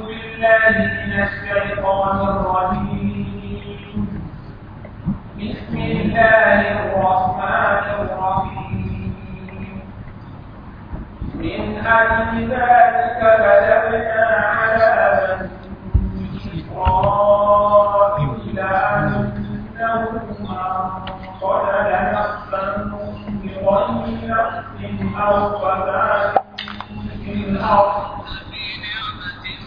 بالله من بسم الله الرحمن الرحيم من أجل ذلك كتبنا على بني إسرائيل أنه من قتل بغير نفس أو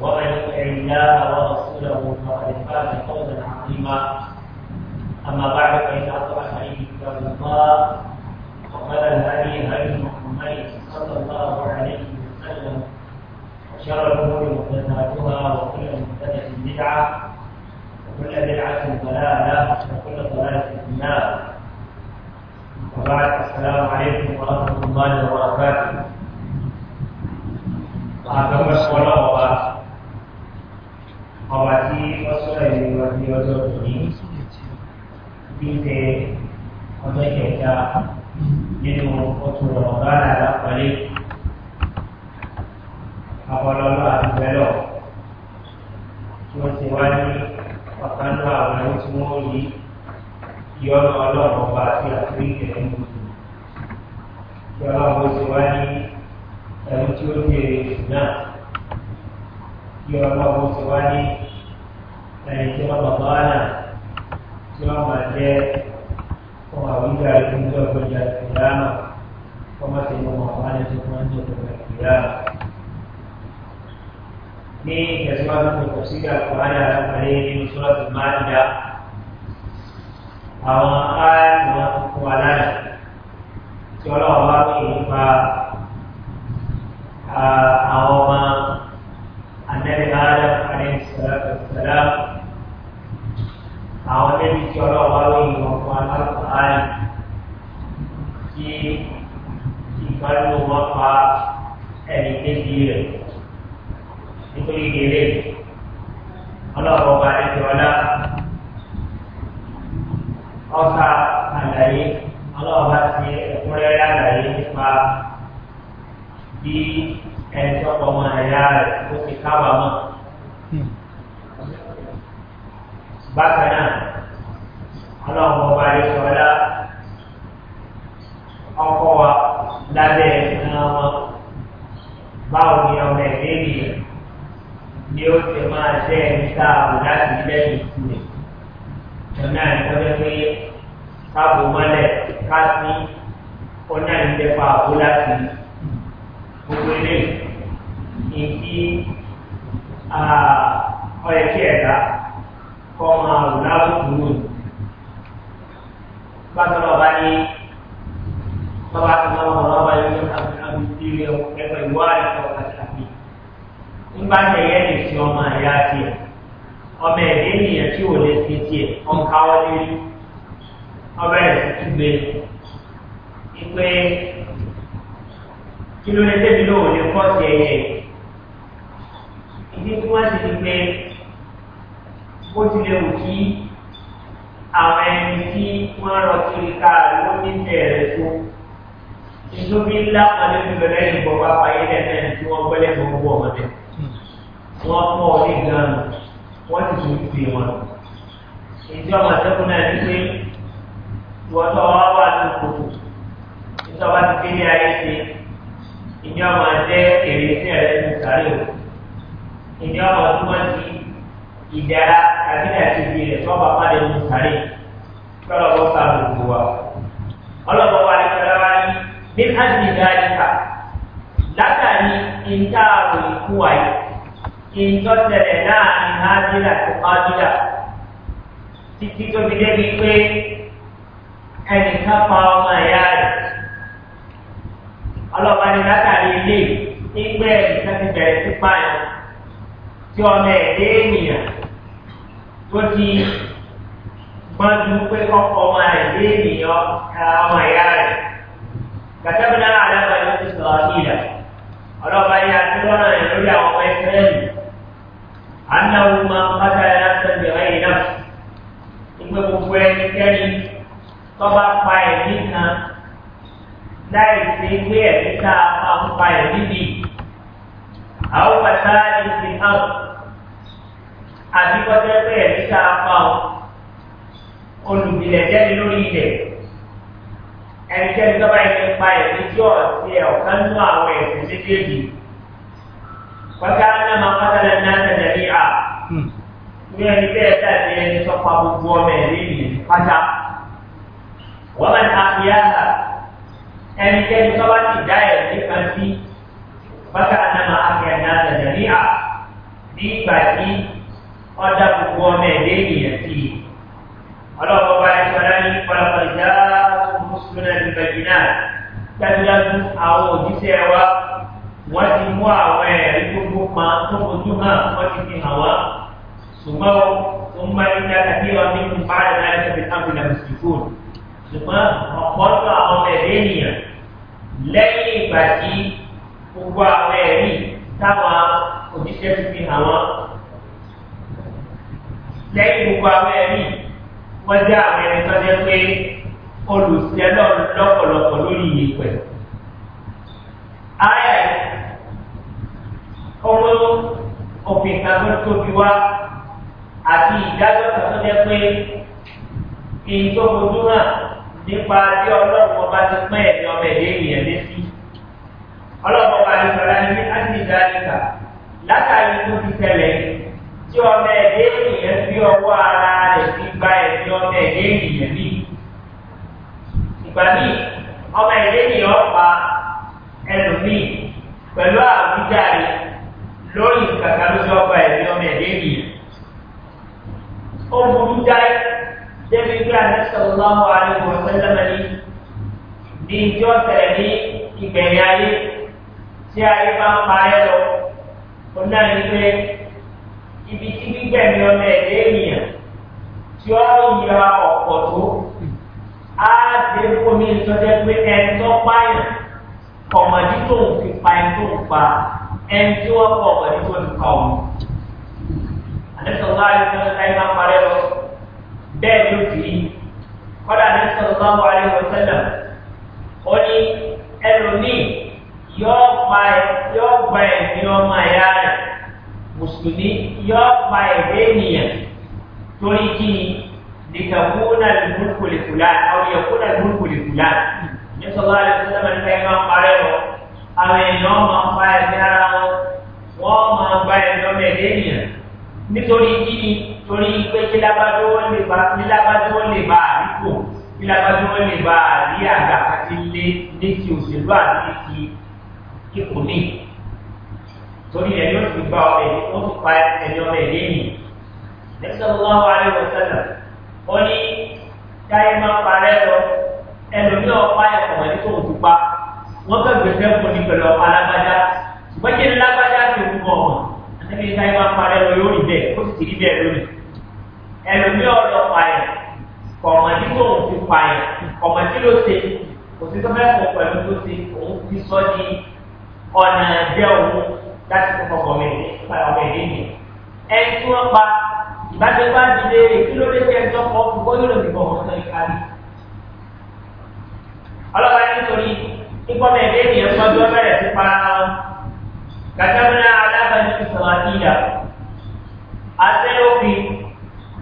ومن يطع الله ورسوله فقد فاز فوزا عظيما اما بعد فان اصبح حديث كتاب الله وقال الهدي هدي محمد صلى الله عليه وسلم وشر الامور محدثاتها وكل مبتدع بدعه وكل بدعه ضلاله وكل ضلاله في النار وبعد السلام عليكم ورحمه الله وبركاته وهكذا الصلاه ọba tí ó sọ̀rọ̀ ìlú wa ní ọjọ́ òní bí ṣe ọjọ́ kẹta nínú oṣù ọ̀gá àlápọ̀lé ọpọlọlọ àti bẹ́lọ̀ tí wọ́n ti wá ní ọ̀kánú àwọn ẹni tí wọ́n yí yọ́nà ọlọ́run ọba àti àtúnyẹ̀ nínú ìlú tí ọlọ́run ó ti wá ní ẹni tí ó bèrè ìsìn náà. ikiwa mambo usiwani na ikiwa mabana ikiwa maje kwa wawili alifunzwa kwenye kiama kwamba sehemu mabana zikuanza kwenye ini ni kasema tumekosika kuana pale ni sura al-Maida àwọn aya ìní ọmọ jẹ́ èrè sí ẹ̀rẹ́ ní sàárè o ìní ọmọ túmọ̀ sí ìdára tàbí àti ìdí rẹ̀ sọ́ọ̀bà pàdé ní sàárè kọ́lọ́bọ̀ ká gbogbo wa ọlọ́bọ̀ wa ní kọ́lọ́bà ní bí káàdì ìdáríkà látàrí ìta àrùn ikú wáyé ìtọ́sẹ̀lẹ̀ láàrin hábílà tó hábílà títí tó fi débi pé ẹnìkan pa ọmọ ìyá rẹ̀ ọlọ́pàá ní látàrí ilé ìgbẹ́ ìta ti bẹ̀rẹ̀ sí pààyàn tí ọmọ ẹ̀dẹ́ ènìyàn tó ti gbọ́njú pé kọ́kọ́ ọmọ ẹ̀dẹ́ ènìyàn kára ọmọ ìyá rẹ̀ gbàtẹ́bùdá àdábàá ló ti sọ̀rọ̀ nílà ọlọ́pàá ní àti lọ́nà rẹ̀ lórí àwọn ọmọ ìsirẹ́lì anáwó máa ń pátá ẹ̀ lásán bẹ̀rẹ̀ ìnáà ìgbẹ́ gbogbo ẹnikẹ́ni tọ́ bá pa ẹ̀mí kan láì ṣe pé ẹ̀mí tá a máa ń pa ẹ̀ níbi àwọn bàtà ìsìn náà àti kọ́tẹ́ pé ẹ̀mí tá a máa ń olùbílẹ̀ jẹ́ni lórí ilẹ̀ ẹnikẹ́ni tó bá yẹ pa ẹ̀mí tí ọ̀ sí ẹ̀ ọ̀kan nínú àwọn ẹ̀sìn méjèèjì kọ́tà náà máa kọ́tà lẹ́nu náà tẹ̀lé ní à hmm. ní ẹni bẹ́ẹ̀ dàbí ẹni tó pa gbogbo ọmọ ẹ̀ lẹ́yìn pátá wọ́n máa ń ta fi yára. ẹnikẹ́ni kan sí bákà àdámà akẹ́ńdá àtàjàrí à ní ìgbà tí wọ́n dá gbogbo ọmọ ẹ̀dẹ́ ènìyàn sí i. ọlọ́wọ́ bá ẹ sọ́dá ní pọlọpọ̀ ìjà mùsùlùmí àti bẹ̀jìnà dájúdájú àwọn òjíṣẹ́ wa wọ́n ti mú àwọn ẹ̀rí gbogbo kan tó ìgbà tí gbogbo àwọn ẹ̀rí táwọn òjíṣẹ́ ti fi hàn wọ́n. lẹ́yìn gbogbo àwọn ẹ̀rí wọ́n jẹ́ àwọn ẹni tó jẹ́ pé olùsíẹ́ lọ́pọ̀lọpọ̀ lórí ìyẹ̀pẹ̀. ayé ọmọ òfin kan tó tóbi wá àti ìdájọ́ kan tó jẹ́ pé èyí tó fojú hàn nípa tí ọlọ́run ọba ti pẹ́ ẹ̀mí ọmọ ẹ̀dẹ́ ènìyàn létí ọlọ́mọba àdìsọ́lá ní bí ánìdáníkà látàrí tó ti tẹ̀lẹ̀ tí ọmọ ẹ̀dẹ́ ènìyàn fi ọwọ́ ara rẹ̀ fi gba ẹ̀sìn ọmọ ẹ̀dẹ́ ènìyàn mí. ìgbà míì ọmọ ẹ̀dẹ́ ènìyàn pa ẹlòmíì pẹ̀lú àwùjáde lórí kàkà lójú ọgbà ẹ̀sìn ọmọ ẹ̀dẹ́ ènìyàn. ó burú jáì débi pé àdìsọ́lá wà ní ìwọ̀sán lẹ́mẹ̀lì ní ìjọ́ tẹ̀lé ní ìgbẹ̀yìn ayé tí ayé bá ń parẹ́ lọ ó náà ní pé ibi tí gbígbẹ̀mí ọmọ ẹ̀dẹ́ ènìyàn tí ó yíra ọ̀pọ̀ tó á dé fún mi ìtọ́jẹ́ pé ẹni tó pààyàn kọ̀mọ̀dí tó ń fi pa ẹni tó ń pa ẹni tí wọ́n kọ̀ ọ̀mọ̀dí tó ń pa òun. àdéṣọ́lá àdéṣọ́lá ayé máa ń parẹ́ lọ bẹ́ẹ̀ ló fi kọ́dà àdéṣọ́lá wà ní ọ̀sẹ̀ náà ó ní ẹlòmíì yóò pa yóò gba ẹ̀mí ọmọ ẹ̀yà rẹ̀ mùsùlùmí yóò pa ẹ̀dẹ́ ènìyàn torí kí ni nìkàkúnà lùkùlìkùlà àwòyẹ̀kúnà lùkùlìkùlà nítorí wàhálà tó sábà nípa ẹ̀mí ọmọ rẹ̀ wọ̀ àwọn èèyàn máa pa ẹ̀mí ara wọn wọ́n máa gba ẹ̀mí ọmọ ẹ̀dẹ́ ènìyàn nítorí kí ni torí pé kí lábàdó wọn lè bá kí lábàdó wọn lè bá àríkò kí lábàdó wọn lè bá àrí àti ilé ní ti òṣèlú àti kí kò ní torí ẹ̀ yóò fi gba ọ̀rẹ́ wọ́n fi pa ẹ̀yọ́ rẹ̀ lẹ́yìn nígbàlá wa lè wọ sẹ́lẹ̀ ó ní táyé máa parẹ́ lọ ẹlòmí ọ̀pá ẹ̀kọ́ wọn ní tòun ti pa wọ́n kẹ́ gbèsè fún ní pẹ̀lú ọ̀pá alágbájá ṣùgbọ́n kí ni lágbájá ti wù mọ̀ wọn àtẹ́bí ní táyé máa parẹ́ lọ yóò rí bẹ́ẹ̀ ó sì ti rí bẹ́ẹ̀ lónìí ẹlòmí ọ̀rọ̀ pa ẹ̀ kọ̀mọ̀ ní tòun ti pa ẹ̀ kọ̀mọ̀ tí ló ṣe òṣìṣẹ́ fẹ́ fọ pẹ̀lú tó ṣe òun ti sọ ní ọ̀nà ẹ̀jẹ̀ òun láti kó fọkàn mi nípa ọmọ ìdí mi. ẹni tí wọ́n pa ìbájọ́ bá dìde kí ló dé tẹ́ ẹjọ́ kọ́ fún bọ́yọ̀ lòdì bọ̀ wọ́n sọ̀rọ̀ kárí. ọlọ́pàá ní nítorí ìkọ́mọ ẹ̀dẹ́ ni ẹ̀kọ́ tó bẹ̀rẹ̀ sí para wọn. gàdámúná alábàájú sọ̀rọ̀ àti ìyà. àṣẹ òfin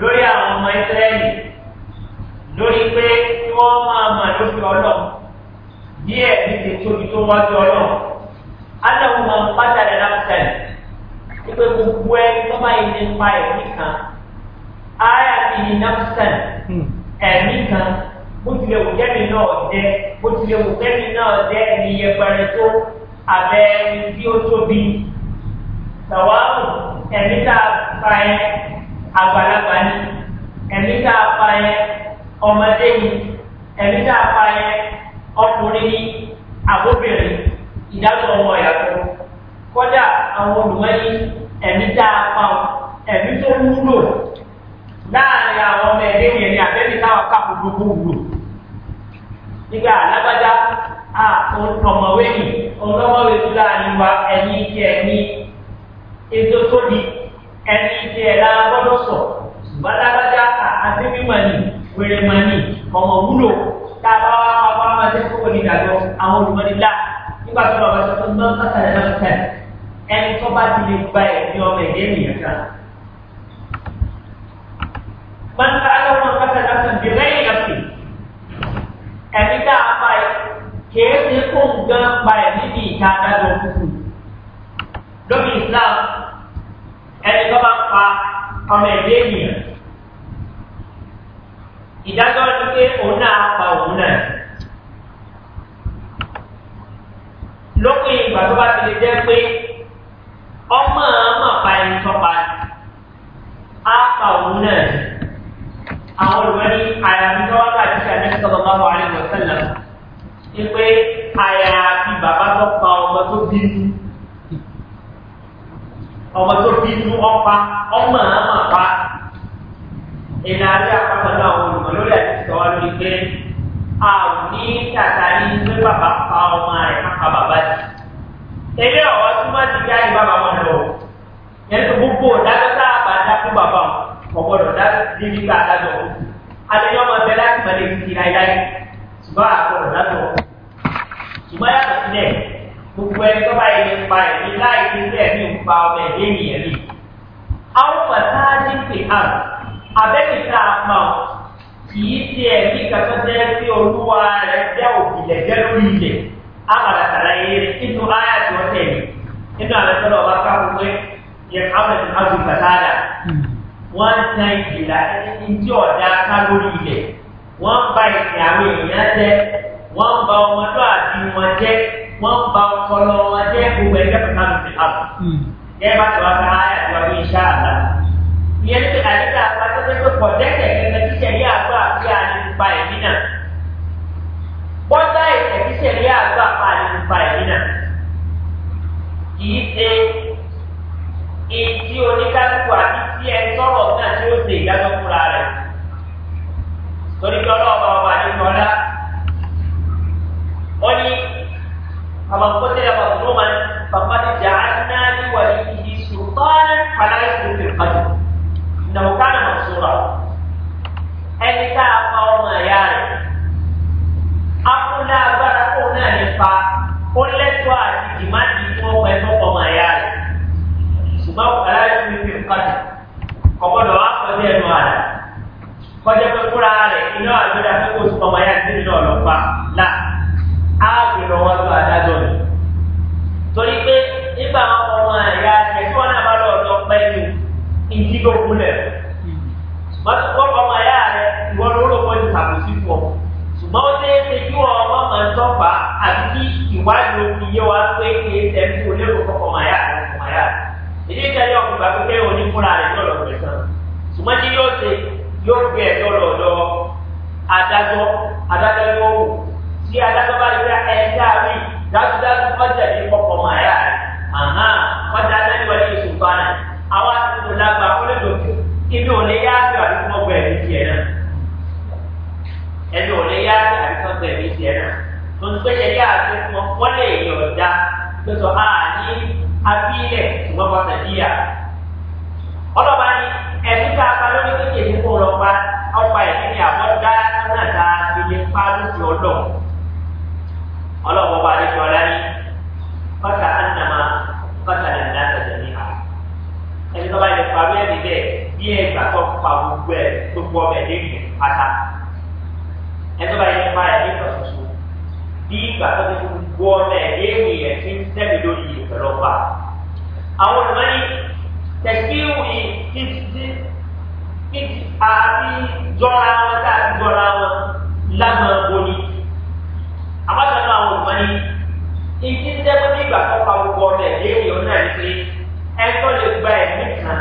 lórí àwọn ọmọ ìsírẹ́lì lórí pé kí wọ́n máa mọ̀ lóṣù ọlọ́ọ̀ díẹ̀ ní ti tóbi tó wájú ọlọ́ọ̀ adamu máa ń pátá rẹ̀ náà sẹ́yìn wípé gbogbo ẹni tó bá yẹ nípa ẹ̀mí kan ara ti ní náà sẹ́yìn ẹ̀mí kan bó tilẹ̀ wò jẹ́mi náà jẹ́ bó tilẹ̀ wò jẹ́mi náà jẹ́ ẹni yẹpẹrẹ tó abẹ́ ẹni tí ó tóbi tàwáàmù ẹ̀mí tá a fa yẹn àgbàlagbà ni ẹ̀mí tá a fa yẹn ọmọdé ni ẹ̀mí tá a fa yẹn ọkùnrin ni àbóbìnrin ìdájọ́ ọmọ ìyàtọ̀ kọ́dà àwọn olùmọ́yí ẹ̀mí dáa pàun ẹ̀mí tó wúlò láàrin àwọn ọmọ ẹ̀dẹ́ yẹn ni àbẹ́ni táwọn káàpù gbogbo wúlò nígbà alágbádá ọmọwé ni ọmọwé tó láàrin wa ẹni tí ẹni ètò tó di ẹni tí ẹ lára gbọ́dọ̀ sọ ṣùgbọ́n alágbádá àtẹ́mímọ̀ ni wèrèmọ̀ ni ọmọ wúlò tá a bá wá wá wá máa ṣe kókò nígbàgbọ́ àwọn olùmọ́ni láà nípa tí wọn bá ti fún náà kátàlẹ́ náà kẹ́ ẹni tó bá ti lè gba ẹ̀ ní ọmọ ẹ̀yẹ́ ènìyàn kan. Mọ̀nà aláwọ̀ kátàlẹ́ náà kàn dé lẹ́yìn àti ẹ̀mí tá a pa kìí ṣe kó nǹkan pa ẹ̀ níbi ìta adájọ́ kúkú. Lóbi Islam, ẹni tó bá pa ọmọ ẹ̀yẹ́ ènìyàn. Ìdájọ́ ni pé òun náà pa òun náà. lópin ìgbà tó bá ti lè jẹ́ pé ọmọ ọmọ pa ẹni tọ́pa á pa òun náà àwọn olùwẹ́ni àyàfi tọ́wọ́ bá ti ṣe àdéhùn sọ́dọ̀ bá wà ní ìwọ̀sẹ̀lẹ̀ ni pé àyàfi bàbá tó pa ọmọ tó bínú ọmọ tó bínú ọpa ọmọ ọmọ pa ìlànà àpapọ̀ náà olùwẹ́ lórí àdéhùn sọ́wọ́ lórí pé a ò ní tàtàrí pé bàbá pa ọmọ rẹ̀ kápá bàbá jù. Eré ọ̀wá túmọ̀ sí bí ayé bàbá wọn lọ. Yẹn tó gbogbo ìdájọ́ tá a bá dá fún bàbá wọn, ọ̀gbọ́dọ̀ dá níbi ká dájọ́ wọn. Adéyọ́ máa bẹ láti mọ̀ lẹ́yìn ti láíláí, ṣùgbọ́n àgbọ̀dọ̀ dájọ́ wọn. Ṣùgbọ́n yàtọ̀ sílẹ̀, gbogbo ẹni tó bá yẹ pa ẹ̀mí láì ní bẹ́ẹ̀ ní òkú pa ọmọ kìí ṣe ẹ̀mí kankan jẹ́ sí olúwa rẹ̀ jẹ́ òkìlẹ̀ jẹ́ lórí ilẹ̀ abàdàkàlà yẹrẹ nínú ayé àti ọ̀tẹ̀ mi nínú àwọn ẹ̀sọ́ lọ́wọ́ ká fún pé yẹ káwọn ẹ̀sìn ájú kàtàdà wọ́n ń tan ìjìlá ẹni tí ọ̀dà ká lórí ilẹ̀ wọ́n ń ba ìsìn àwọn èèyàn jẹ́ wọ́n ń ba ọmọdé àbí wọn jẹ́ wọ́n ń ba ọpọlọ wọn jẹ́ gbogbo ẹgbẹ́ kàtàdà ti àbọ̀ yẹ bá tẹ̀wá ká ayé àti ọ̀dà ìṣáàlà ìyẹn ti àyíká fa ẹ̀mí náà bọ́dá ìtẹ̀kíṣẹ̀ ní àgbà fa ẹ̀mí fa ẹ̀mí náà kìí ṣe èyí oníkálukú àti tí ẹ sọ̀rọ̀ náà tí ó ṣe ìdájọ́ fúnra rẹ̀ torí pé ọlọ́ọ̀bá ọba àdéhùnọ́lá ó ní àwọn akọ́tẹ́lẹ̀ ọba òṣùwọ̀n máa ń bàbá ti jà á náà ní wàlí ìdí sùtọ́ọ̀nù faláyé tó fi kàdùn ìnáwó mọ̀ sóra ẹni tá a ó lẹ́tọ́ àti dìmáàdì fún ọmọ ẹ̀fọ́ ọmọ ẹ̀yà rẹ̀ ṣùgbọ́n aláìsí ní fi nǹkan jù kọ̀gbọ́dọ̀ wá sọ ní ẹnu àlà kọjá pé fúnra rẹ̀ iná àgbẹ̀dá pé kò sí ọmọ ẹ̀yà sí nínú ọ̀lọ́pàá là á gbé lọ wá lọ adájọ́ rẹ̀ torí pé nígbà ọmọ ẹ̀yà ẹ̀fọ́ náà bá lọ lọ pẹ́ ju ìdí ló kúlẹ̀ hmm. wọ́n ọmọ ẹ̀yà rẹ̀ ìwọ́n ló lọ́ tọ́fà àti ìwádìí òfin yé wa pé kìí tẹ̀sí olérò kọkọ màyà àti màyà. Èdè ìtẹ́lẹ̀ ọkùnrin bá pípẹ́ òní fúnra rẹ̀ ní ọ̀rọ̀ pẹ̀sán. Ṣùgbọ́n tí yóò ṣe yóò gbé ẹ̀jọ́ lọ lọ adájọ́ adájọ́ yóò wò. Tí adájọ́ bá lè ra ẹja rí dájúdájú ọjà ní kọkọ màyà rẹ̀. Àhán ọjà adájọ́ wọlé oṣù fana. Àwọn àtúntò lágbà ó lè dòkú. ẹ̀mí tiẹ̀ náà olùgbẹ́jẹ̀ yá àgbẹ̀fọ́ wọ́n lè yàn ọ̀dà gbẹ̀sọ̀ á ní abílẹ̀ ṣùgbọ́n pàṣẹ díyà. ọlọ́ba ní ẹ̀mí tá a pa lórí kékeré ní kó lọ pa ọ̀pá ẹ̀mí ni àbọ̀dá náà ta ilé pa lóṣù ọlọ́ ọlọ́wọ́ bá dé jọlá ní pátá ánàmá pátá nàìjíríà tẹ̀lé ní à. ẹni tó bá yẹ parí ẹ̀mí bẹ́ẹ̀ bí ẹ̀gbà tó pa gbogbo ẹ̀ gbogbo ọmọ ẹ̀ lé ìgbà tó ti gbogbo ọ̀nà ẹ̀dẹ́ ènìyàn ti ń tẹ̀lé lórí ìpẹ̀lọ́ pa. Àwọn olùmọ̀ ní tẹ̀síwì títí títí la, jọra wọn tá a ti jọra wọn lámà boni. Àbájáde àwọn olùmọ̀ ní ìdí ń tẹ́wọ́ ní ìgbà tó pa gbogbo ọ̀nà ẹ̀dẹ́ ènìyàn náà ní pé ẹ̀kọ́ lè gba ẹ̀mí kan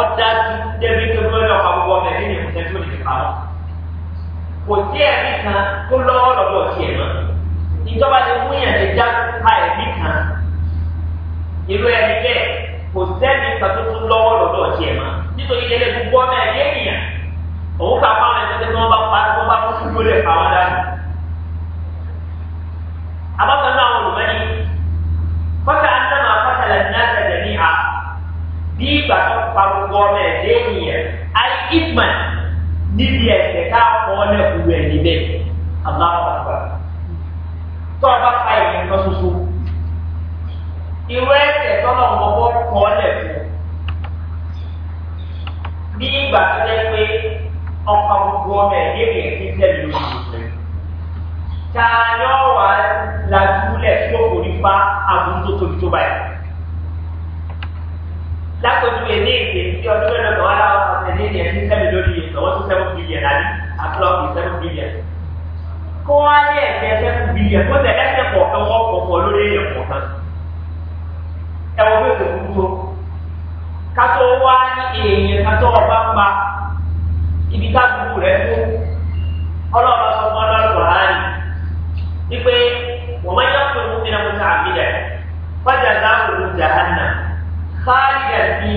ọ̀dà ti dẹ́bi tó gbọ́dọ̀ pa gbogbo ọ̀nà ẹ̀dẹ́ ènìyàn kò sí ẹ̀mí ìjọba ti fún yàn lè já ká ẹ̀mí kan irú ẹni bẹ́ẹ̀ kò sẹ́ni ìtàkùn lọ́wọ́ lọ́dọ̀ tiẹ̀ mọ́ nítorí ilé gbogbo ọmọ ẹ̀ yé ènìyàn òun kà fún àwọn ẹ̀sẹ̀ tí wọ́n bá pa wọ́n bá fún fúdú lẹ̀ fà wọ́n dání. abákan náà wọn ò mẹ́ni kọ́tà àtàmà kọ́tà lẹ́nu náà tẹ̀lé ní a bí ìgbà tó pa gbogbo ọmọ ẹ̀ yé ènìyàn ayé ìgbà níbi ẹ̀sẹ̀ ká fọ́ ọ́ lẹ́kùn rẹ̀ níbẹ̀ àbáwọ̀ nìkan ṣoṣo irú ẹ̀sẹ̀ tọ́lọ̀ gbogbo kọ́ lẹ̀ bí ìgbà tó jẹ́ pé ọkọ̀ gbogbo ọmọ ẹ̀yẹ́ rẹ̀ ti tẹ̀lé oṣù ta yọ wá lajúlẹ̀ tí ó kò pa àbúrú tó tóbi tó báyìí lápẹ̀jú ẹni èdè tí ọdún mẹ́rin lọ́wọ́ aláwọ̀ ọ̀sẹ̀ ní ẹ̀yẹ́ ti lórí ìtọ́wọ́sí seven billion àbí àtúrọ̀ ọ̀sẹ̀ seven kó wá ní ẹ̀jẹ̀ ẹ̀jẹ̀ fún bílíọ̀n kó tẹ̀ ẹ̀jẹ̀ kọ̀ọ̀kan wọ́n kọ̀ọ̀kan lórí èèyàn kọ̀ọ̀kan ẹ̀wọ̀n bí ètò gbogbo kátó wá ní èèyàn kátó ọba pa ibi ká gbogbo rẹ̀ tó ọlọ́ọ̀bá sọ fún ọlọ́ọ̀rọ̀ wàhálì wípé wọ́n máa yọ pé wọ́n fi náà mọ́ta àmì rẹ̀ fọ́jà láwùrú jahannam káàdì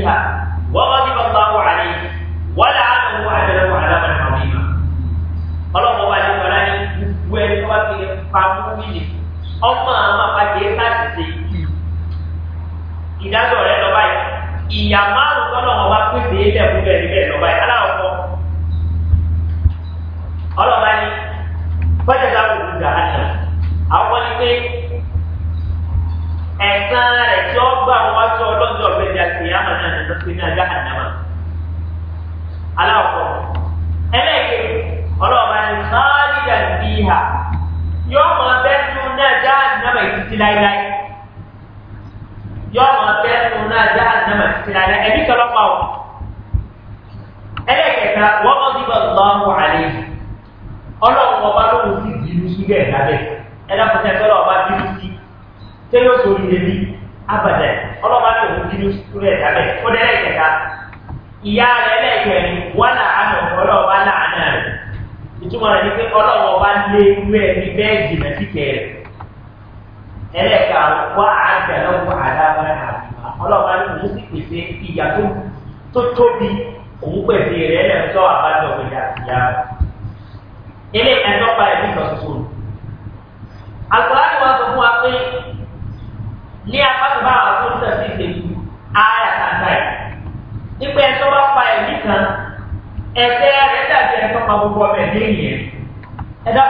ọmọ àwọn àpàdé láti ṣe ìdájọ́ rẹ lọ báyìí ìyá márùn tọ́lọ̀ wọn wá pèsè ilẹ̀ fún bẹ́ẹ̀ níbẹ̀ lọ báyìí aláwọ̀ ọlọ́ba ni bọ́jà dáhùn ìlú jàǹdà àwọn ni pé ẹ̀sán rẹ̀ tí ó gbà wọ́n sọ ọlọ́jọ́ ọ̀gbẹ́jà sí àmàlà nípa pé ní ajá àdámà aláwọ̀ títí láíláí yọ ọmọ ọtẹ ẹnu náà já àdámà títí láíláí ẹbí kọlọ pa ọ ẹlẹ́kẹ̀ẹ́ta wọ́n mọ̀ nígbà lọ́wọ́ àlẹ́ ọlọ́run ọba ló ń sì bínú sílẹ̀ lábẹ́ ẹlẹ́kùnrin ẹ̀fọ́lọ́ ọba bínú sí ṣé yóò sọ orí ẹbí abàdẹ ọlọ́ba ló ń bínú sílẹ̀ lábẹ́ ó dẹ́ ẹlẹ́kẹ̀ẹ́ta ìyá rẹ̀ ẹlẹ́kẹ̀ẹ́ni wọ́n là á nà ọlọ́ọ̀ba là á nà rẹ̀ ìtumọ̀ rẹ̀ ni pé ọlọ́run ọba lé irú ẹni bẹ́ẹ̀ ẹlẹ́ka wá àjẹlẹ́wò àdáwọ̀ àbímá ọlọ́pàá ní òun sì pèsè ìyá tó tóbi òun pèsè rẹ̀ ẹlẹ́tọ́ àbájọ òkèjà ìyá rẹ̀. ilé ẹ̀tọ́ pa ẹ̀mí kan tuntun. àgbàlagbà wa sọ fún wa pé ní apákùnbá àwọn tó ń tẹ̀sí ìṣèlú ààyè àtàtà ẹ̀ nípa ẹ̀tọ́ bá pa ẹ̀mí kan ẹ̀tẹ́ rẹ̀ dàbí ẹ̀tọ́ pa gbogbo ọmọ ẹ̀mí yẹn ẹ̀dá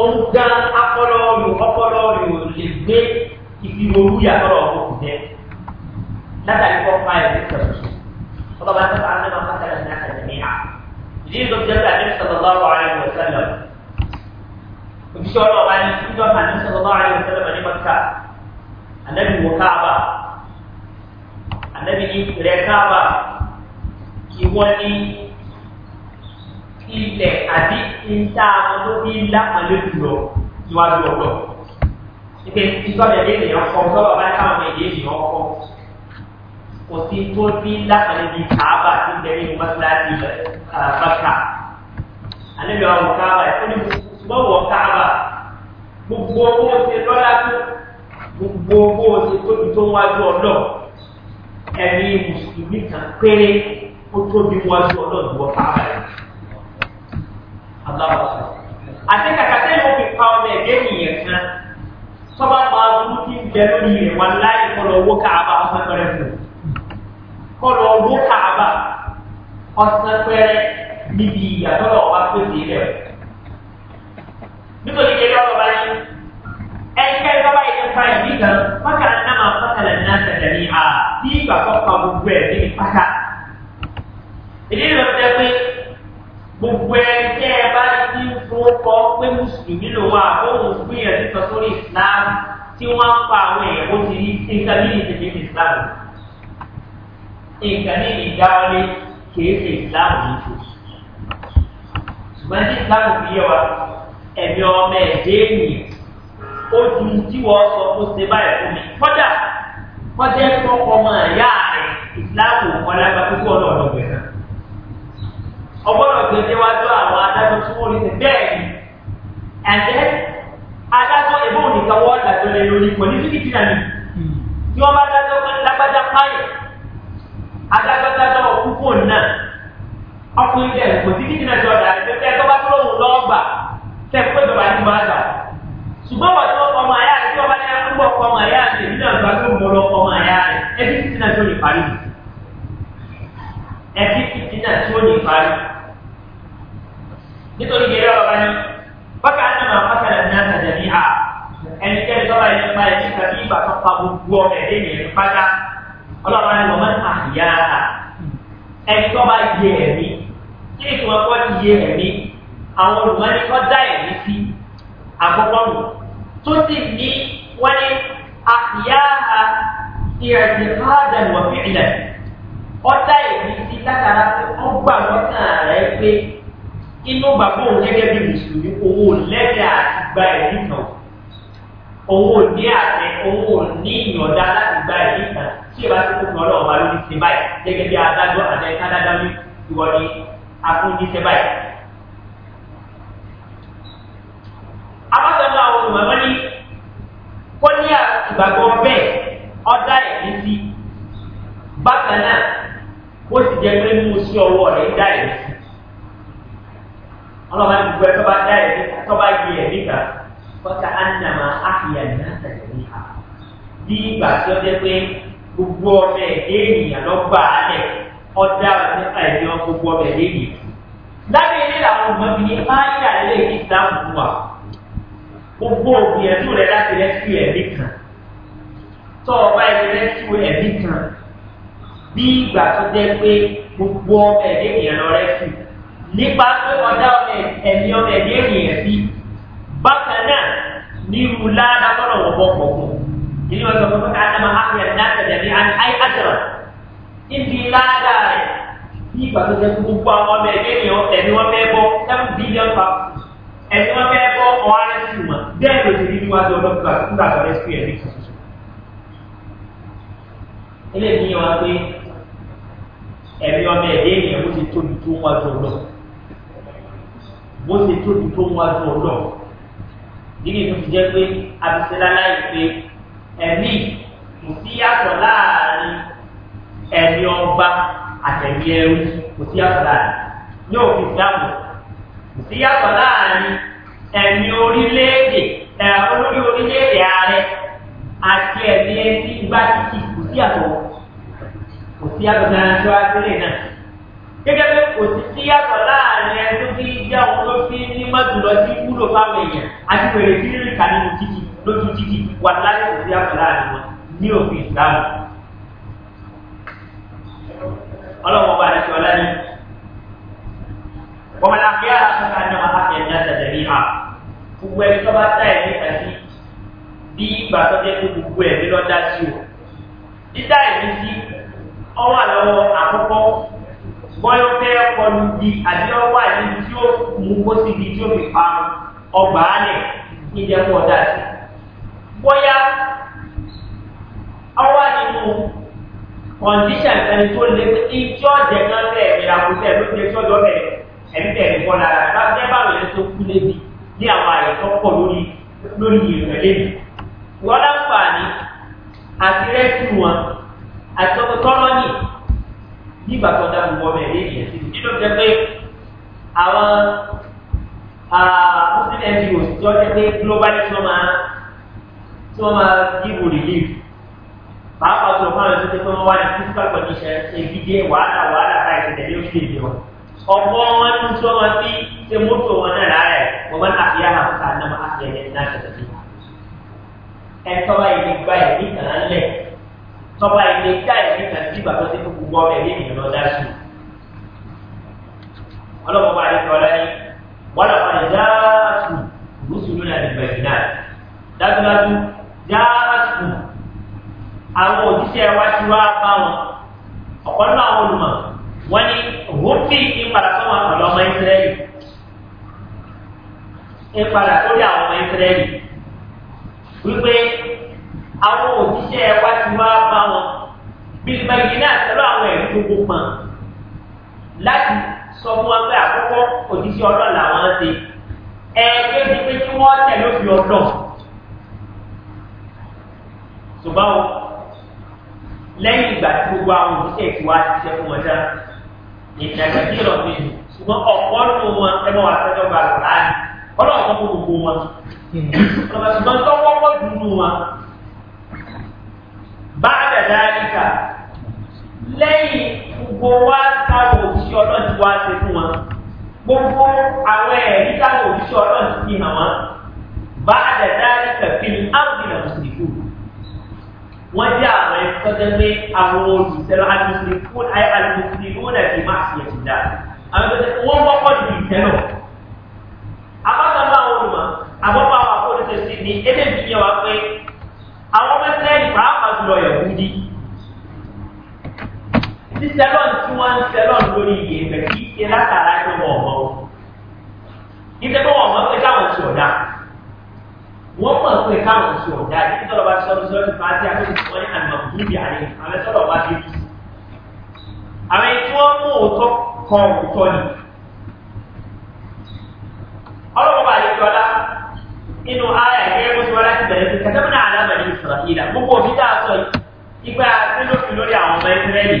ó ń dá akọ́lọ́ rò ọpọlọ rò lè gbé ìfìwòrú yàtọ̀ òkú jẹ látàrí kọ́ fún àyẹ̀wò ìtọ́sọ̀sọ̀ ọlọ́ba tó bá ń bá pátá lẹ́nu náà tẹ̀lé ha ìdí ìdó jẹ́ pé àdéhùn sọ̀rọ̀ lọ́wọ́ ààrẹ wọ̀ sẹ́lẹ̀ òjíṣẹ́ ọlọ́ba ní ìjọ àdéhùn sọ̀rọ̀ lọ́wọ́ ààrẹ wọ̀ sẹ́lẹ̀ ní mọ́tà ànábì wọ káàbà ànábì ní rẹ̀ káàbà kí wọ́n ní ilẹ̀ àbí ìta tó bí lápàlẹ́ jùlọ níwájú ọ̀dọ́. Ìpè ìsọ̀bẹ̀ lé ènìyàn kọ́ sọ́bà bá káwọn èdè ènìyàn kọ́. Kò sí tó bí lápàlẹ́ bí kàábà tí ń bẹ̀rẹ̀ mọ́síláàtì bàtà. Àlejò àwọn kàábà ẹ̀ fún ìgbọ́wọ̀ kàábà. Gbogbo owó ṣe lọ́lá tó gbogbo owó ṣe tóbi tó wájú ọ̀dọ́. Ẹ̀mí mùsùlùmí kan péré ó tóbi wájú ọ̀dọ́ ìwọ kàábà rẹ̀ aláwọ̀sọ. àti kàkà sẹ́yìn ó fi pa ọmọ ẹ̀gẹ́ nìyẹn kan sọ́ba máa dúró kí n bẹ lórí rẹ̀ wà láyé kọlọ̀ owó káàbà ọ̀sán pẹ̀rẹ̀ fún un. kọlọ̀ owó káàbà ọ̀sán pẹ̀rẹ̀ níbi ìyàtọ̀ ọba pèsè rẹ̀. nítorí kí ẹjọ́ bàbá yín ẹ̀ka ẹ̀ka báyìí ní fa ìdí kan pátá náà máa pátá lẹ̀ náà tẹ̀lé ní a bí ìgbà kọ́kọ́ gbogbo ẹ̀ níbi pátá. ìdí ìrọ̀lẹ́ pé gbogbo ẹ tẹ́ ẹ bá ti ń fowópọ̀ pé mùsùlùmí ló wà fóun gbìyànjú sọ sórí islam tí wọ́n ń pa àwọn èèyàn ó ti rí nǹkan ní ìdíje ní islam nǹkan ní ìdáwọlé kìí ṣe islam nìkan ṣùgbọ́n tí islam fi yẹ wa ẹ̀mí ọmọ ẹ̀dẹ́ ènìyàn ó ju tí wọ́n sọ kó ṣe báyìí fún mi kọ́dà kọ́dà ẹ̀kọ́ ọmọ ìyá rẹ̀ islam ò kọ́ lágbàá púpọ̀ lọ́dọ̀ gbẹ̀rẹ̀ ọgbọ́dọ̀ gbé déwájú àwọn adájọ́ tí wọ́n ní bẹ́ẹ̀ ni ẹ̀jẹ̀ adájọ́ ẹ̀bọ́n nìkan wọ́n dàjọ́ lé lórí pẹ̀lú fíkìtì náà ni tí wọ́n bá dájọ́ lágbájá páyẹ̀ adájọ́ dájọ́ òkú fóònù náà ọkùnrin bẹ́ẹ̀ kò sí fíkìtì náà jọ dà ẹ̀jẹ̀ bẹ́ẹ̀ tó bá tó lóhùn lọ́ọ̀gbà tẹ̀ pé bàbá ní bá dà ṣùgbọ́n wà tó ọmọ ayá rẹ̀ tí wọ́n bá ní akúgbọ̀ ọmọ ayá rẹ̀ nínú àgbà tó mọ̀ lọ ọmọ lè parí nítorí gẹ̀rẹ́ ọ̀rọ̀ ni bákà ní ma pàtàkì náà tàjà ní à ẹni kẹ́ni tọ́ba yìí nípa yìí nípa bí ìgbà tó pa gbogbo ọmọ ẹ̀dẹ́ yẹn pátá ọlọ́run ni wọ́n máa ń àyà ẹni tọ́ba yẹ ẹ̀mí kí ni tiwọn kọ́ ti yẹ ẹ̀mí àwọn olùmọ́ni kọ́ dá ẹ̀mí sí àkọ́kọ́ nù tó sì ní wọ́n ní àyà ìrẹ̀sìnkádà wọ̀ fìlẹ̀ ọ̀dá ẹ̀mí sí látara ọgbà lọ́sàn inú gbàgbọ́ òun gẹ́gẹ́ bí mùsùlùmí owó lẹ́bẹ̀ àti gba ẹ̀rí kan owó ní àtẹ owó ní ìyọ̀dá láti gba ẹ̀rí kan tí ìbá tó kún ọlọ́run wa lórí ṣe báyìí gẹ́gẹ́ bí adájọ́ àdáyé kádájọ́ ní ìwọ ni akúndí ṣe báyìí. abájọ́nà àwọn olùmọ̀mọ́ ní kó ní ìgbàgbọ́ bẹ́ẹ̀ ọ̀dà ẹ̀rí sí bákan náà ó sì jẹ́ pé mú sí ọwọ́ rẹ̀ dá ẹ̀rí sí ọlọ́ba ní gbogbo ẹ tọ́ba dá ẹ̀mí ká tọ́ba yé ẹ̀mí ká kọ́ta ánàmà áhìyà náà tẹ̀lé ha bí ìgbà tí ó jẹ́ pé gbogbo ọmọ ẹ̀dẹ́ ènìyàn lọ gbà á lẹ̀ ọ̀dà nípa ẹ̀mí ọ gbogbo ọmọ ẹ̀dẹ́ ènìyàn. lábẹ́ ilé làwọn ọmọ mi ní áyà ilé ìsìlámù fún wa gbogbo ògbìyànjú rẹ nípa pé ọjà ọmọ ẹ̀mí ọmọ ẹ̀mí ènìyàn sí bákan náà nírú ládàá tọ́lọ̀ wọ̀ bọ̀ pọ̀ fún ìlú ọjọ́ pé ká dáná á fi ẹ̀dá tẹ̀lé ní àyè àjọ̀rọ̀ níbi ládàá rẹ̀ bí ìgbà tó jẹ́ gbogbo àwọn ọmọ ẹ̀mí ènìyàn ẹ̀mí wọn fẹ́ bọ́ seven billion pa ẹ̀mí wọn fẹ́ bọ́ ọ̀hánẹ́ sí wọn bẹ́ẹ̀ ló ti rí níwájú ọlọ́gbà nígbà tó rẹ́ sí ẹ̀mí tuntun eléyìí ni wọn pé ẹ̀mí ọmọ ẹ̀dá ènìyàn ó ti tóbi tó wájú ọlọ́gbà bó ṣe tóbi tó ń wájú ọlọ́ nínú ìlú ti jẹ́ pé abisẹ́lá láìpẹ́ ẹ̀mí kò sí yàtọ̀ láàrin ẹ̀mí ọba àtẹ̀mí ẹrú kò sí yàtọ̀ láàrin ní òfin ìsìlámù kò sí yàtọ̀ láàrin ẹ̀mí orílẹ̀-èdè olórí orílẹ̀-èdè ààrẹ àti ẹ̀mí ẹtí gbá kò sí yàtọ̀ kò sí yàtọ̀ láàrin tí wọ́n náà gẹ́gẹ́ bí kò sí sí yàtọ̀ láàrin ẹni tó ti jẹ́ òun tó fi ní mọ́tòlọ́ sí wúlò fáwọn èèyàn àti wèrè sí rírì kà nínú títì lójú títì wà láyé kò sí yàtọ̀ láàrin wọn ní òfin ìdáhùn. ọlọ́wọ́ bá rẹ̀ sọ lẹ́yìn wọ́n máa fi ara fún ká ní ọmọ àti ẹ̀dá tẹ̀lé ní à gbogbo ẹni tó bá dá ẹ̀ níta sí bí ìgbà tó jẹ́ pé gbogbo ẹ̀mí lọ́dá sí o dídá ẹ̀mí sí ọwọ́ bọ́yọ̀ fẹ́ kọlu di àdéhọ́wà yìí tí ó mú kó síbi tí ó fi pa ọgbà á lẹ̀ kí jẹ́ kó ọ̀dà sí. bóyá ọwọ́ nínú kọ̀ǹdíṣàn ẹni tó lé ní tí ó jẹ náà tẹ̀ ẹ̀mìlà kò tẹ̀ ló jẹ tí ó lọ́bẹ̀ ẹ̀mí tẹ̀ ẹ̀mí kọ́lá rẹ̀ bá fẹ́ báwọn tó kú lébi ní àwọn àyè tó pọ̀ lórí lórí ìrìnà lébi. wọ́n láǹfààní àti rẹ́sì wọn àti ọkọ̀ tọ́lọ́nì nígbà tó dá gbogbo ọmọ ẹ̀rí ìyẹn sí nínú jẹ́ àwọn muslim ngos tó jẹ́ pé global tí wọ́n máa tí wọ́n máa give relief pàápàá tó fáwọn ẹ̀sìn tó wọ́n wá ní physical condition ebide wàhálà wàhálà báyìí tẹ̀lé orílẹ̀-èdè wọn ọ̀pọ̀ wọn tún tí wọ́n máa fi ṣe mọ́tò wọn náà láàrẹ̀ wọ́n máa ń àfihàn àfọ̀tà náà máa ń àfihàn náà tẹ̀lé ẹ̀tọ́ báyìí ní gbáyìí ní kàn tọ́ba ilé dá ẹ̀mí kan sí ìgbà tó ti fún gbogbo ọmọ ẹ̀mí ènìyàn lọ́dá sí i. ọlọ́mọ bá yẹ kọ́lá ní wọ́n làwọn ẹ̀ dáàtù lùsùlù náà ní bẹ̀rẹ̀ náà dájúdájú dáàtù àwọn òjíṣẹ́ wa ti wá bá wọn ọ̀pọ̀ nínú àwọn olùmọ̀ wọ́n ní hófì ìpadà tó wọn pẹ̀lú ọmọ ìsírẹ́lì ìpadà tó dé àwọn ọmọ ìsírẹ́lì wípé àwọn òṣìṣẹ́ wa ti wá bá wọn bíbélì náà tẹ́lọ̀ àwọn ẹ̀rí tó gbópa láti sọ fún wọn pé àkọ́kọ́ òṣìṣẹ́ ọlọ́run làwọn ń ṣe ẹ̀ẹ́dẹ́ ti pé kí wọ́n tẹ̀ ló fi ọlọ́ ṣùgbọ́n lẹ́yìn ìgbà tí gbogbo àwọn òṣìṣẹ́ ti wá ṣiṣẹ́ fún wọn dáa ìdàgbà bí ìrọ̀ mi ṣùgbọ́n ọ̀pọ̀ nínú wọn ẹgbẹ́ wa sẹ́jọ́ gba láàyè ọlọ́run kọ́ gbogbo wọn ṣùgbọ́n tọ́wọ́ pọ̀ dùn nù wọn báàdà dáríkà lẹ́yìn gbogbo wa táwọn òṣìṣẹ́ ọlọ́run ti wá ṣe fún wọn gbogbo àwọn ẹ̀rí táwọn òṣìṣẹ́ ọlọ́run ti hàn wọn báàdà dáríkà fi ní áwùjọ mùsùlùmí wọ́n jẹ́ àwọn ẹ̀kọ́jẹ́ pé àwọn olùsẹ̀rọ alùsìlìkún alùsìlìkún náà fi máa ṣe ẹ̀sìn dáa àwọn ẹ̀kọ́jẹ́ wọ́n wọ́pọ̀ ju ìtẹ́lọ̀ abájọba àwọn olùmọ̀ àbọ̀bọ̀ àwọn akóríṣẹ́sí ni eléyìí yẹ wá pé lọ yẹ̀wúdí tí sẹlọ́n tí wọ́n ń sẹlọ́n lórí iye ẹ̀fẹ̀ kí ṣe látara tó wọ̀ ọ̀mọ́ níta tó wọ̀ ọ̀mọ́ pé káwọn ti ọ̀dà wọ́n mọ̀ pé káwọn ti ọ̀dà títí tọ́lọ̀ bá sọ́dún sọ́dún máa ti àti wọ́n ní àná níbi àlẹ́ àwọn tọ́lọ̀ bá ti tù àwọn tí wọ́n mú òótọ́ kan òótọ́ ni ọlọ́wọ́ bá yẹ nínú ara ìgbẹ́ bó ti wá láti bẹ̀rẹ̀ sí kẹtẹ́mínà alábẹ̀ ní ìsọ̀rọ̀kìlà gbogbo òbí tá a sọ ipa sílòfin lórí àwọn ọmọ ìsírẹ́lì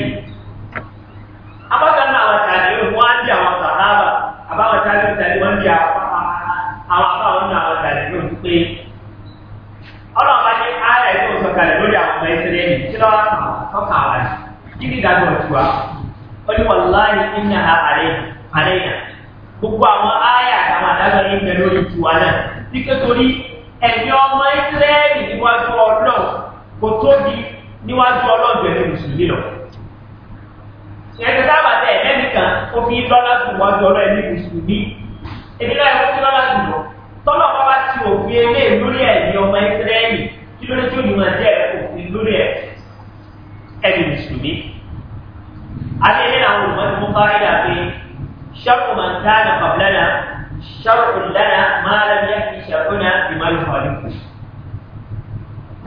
abákan náà àwọn tàbí wọn á di àwọn sàhábà àbáwọn tàbí tàbí wọn di àwọn àbáwọn náà àwọn tàbí ló ti pé ọlọ́run bá ní ara ìgbẹ́ sọ̀kalẹ̀ lórí àwọn ọmọ ìsírẹ́lì tí lọ́wọ́ sọ́kà wà ní kíkì ìdájọ́ ọ̀túwa ó ní wàlúwàlú ìnáhà àlẹ́ àlẹ́ yà gbogbo àwọn áyà àtàwọn àdájọ́ ní ìgbẹ́ lórí ìtura náà wípé torí ẹ̀mí ọmọ ìsírẹ́lì níwájú ọlọ́run kò tóbi níwájú ọlọ́run jẹ̀lẹ̀ mùsùlùmí lọ. ṣẹ̀dá bàtẹ̀ ẹ̀mí kan ó fi lọ́lá sùn wájú ọlọ́run ní mùsùlùmí. ebi náà ó fi lọ́lá sùn lọ. tọ́lọ̀ bá bá ti òfin ilé lórí ẹ̀mí ọmọ ìsírẹ́lì kí ló dé شرع لنا ما لم يأتي شرعنا بما يخالفه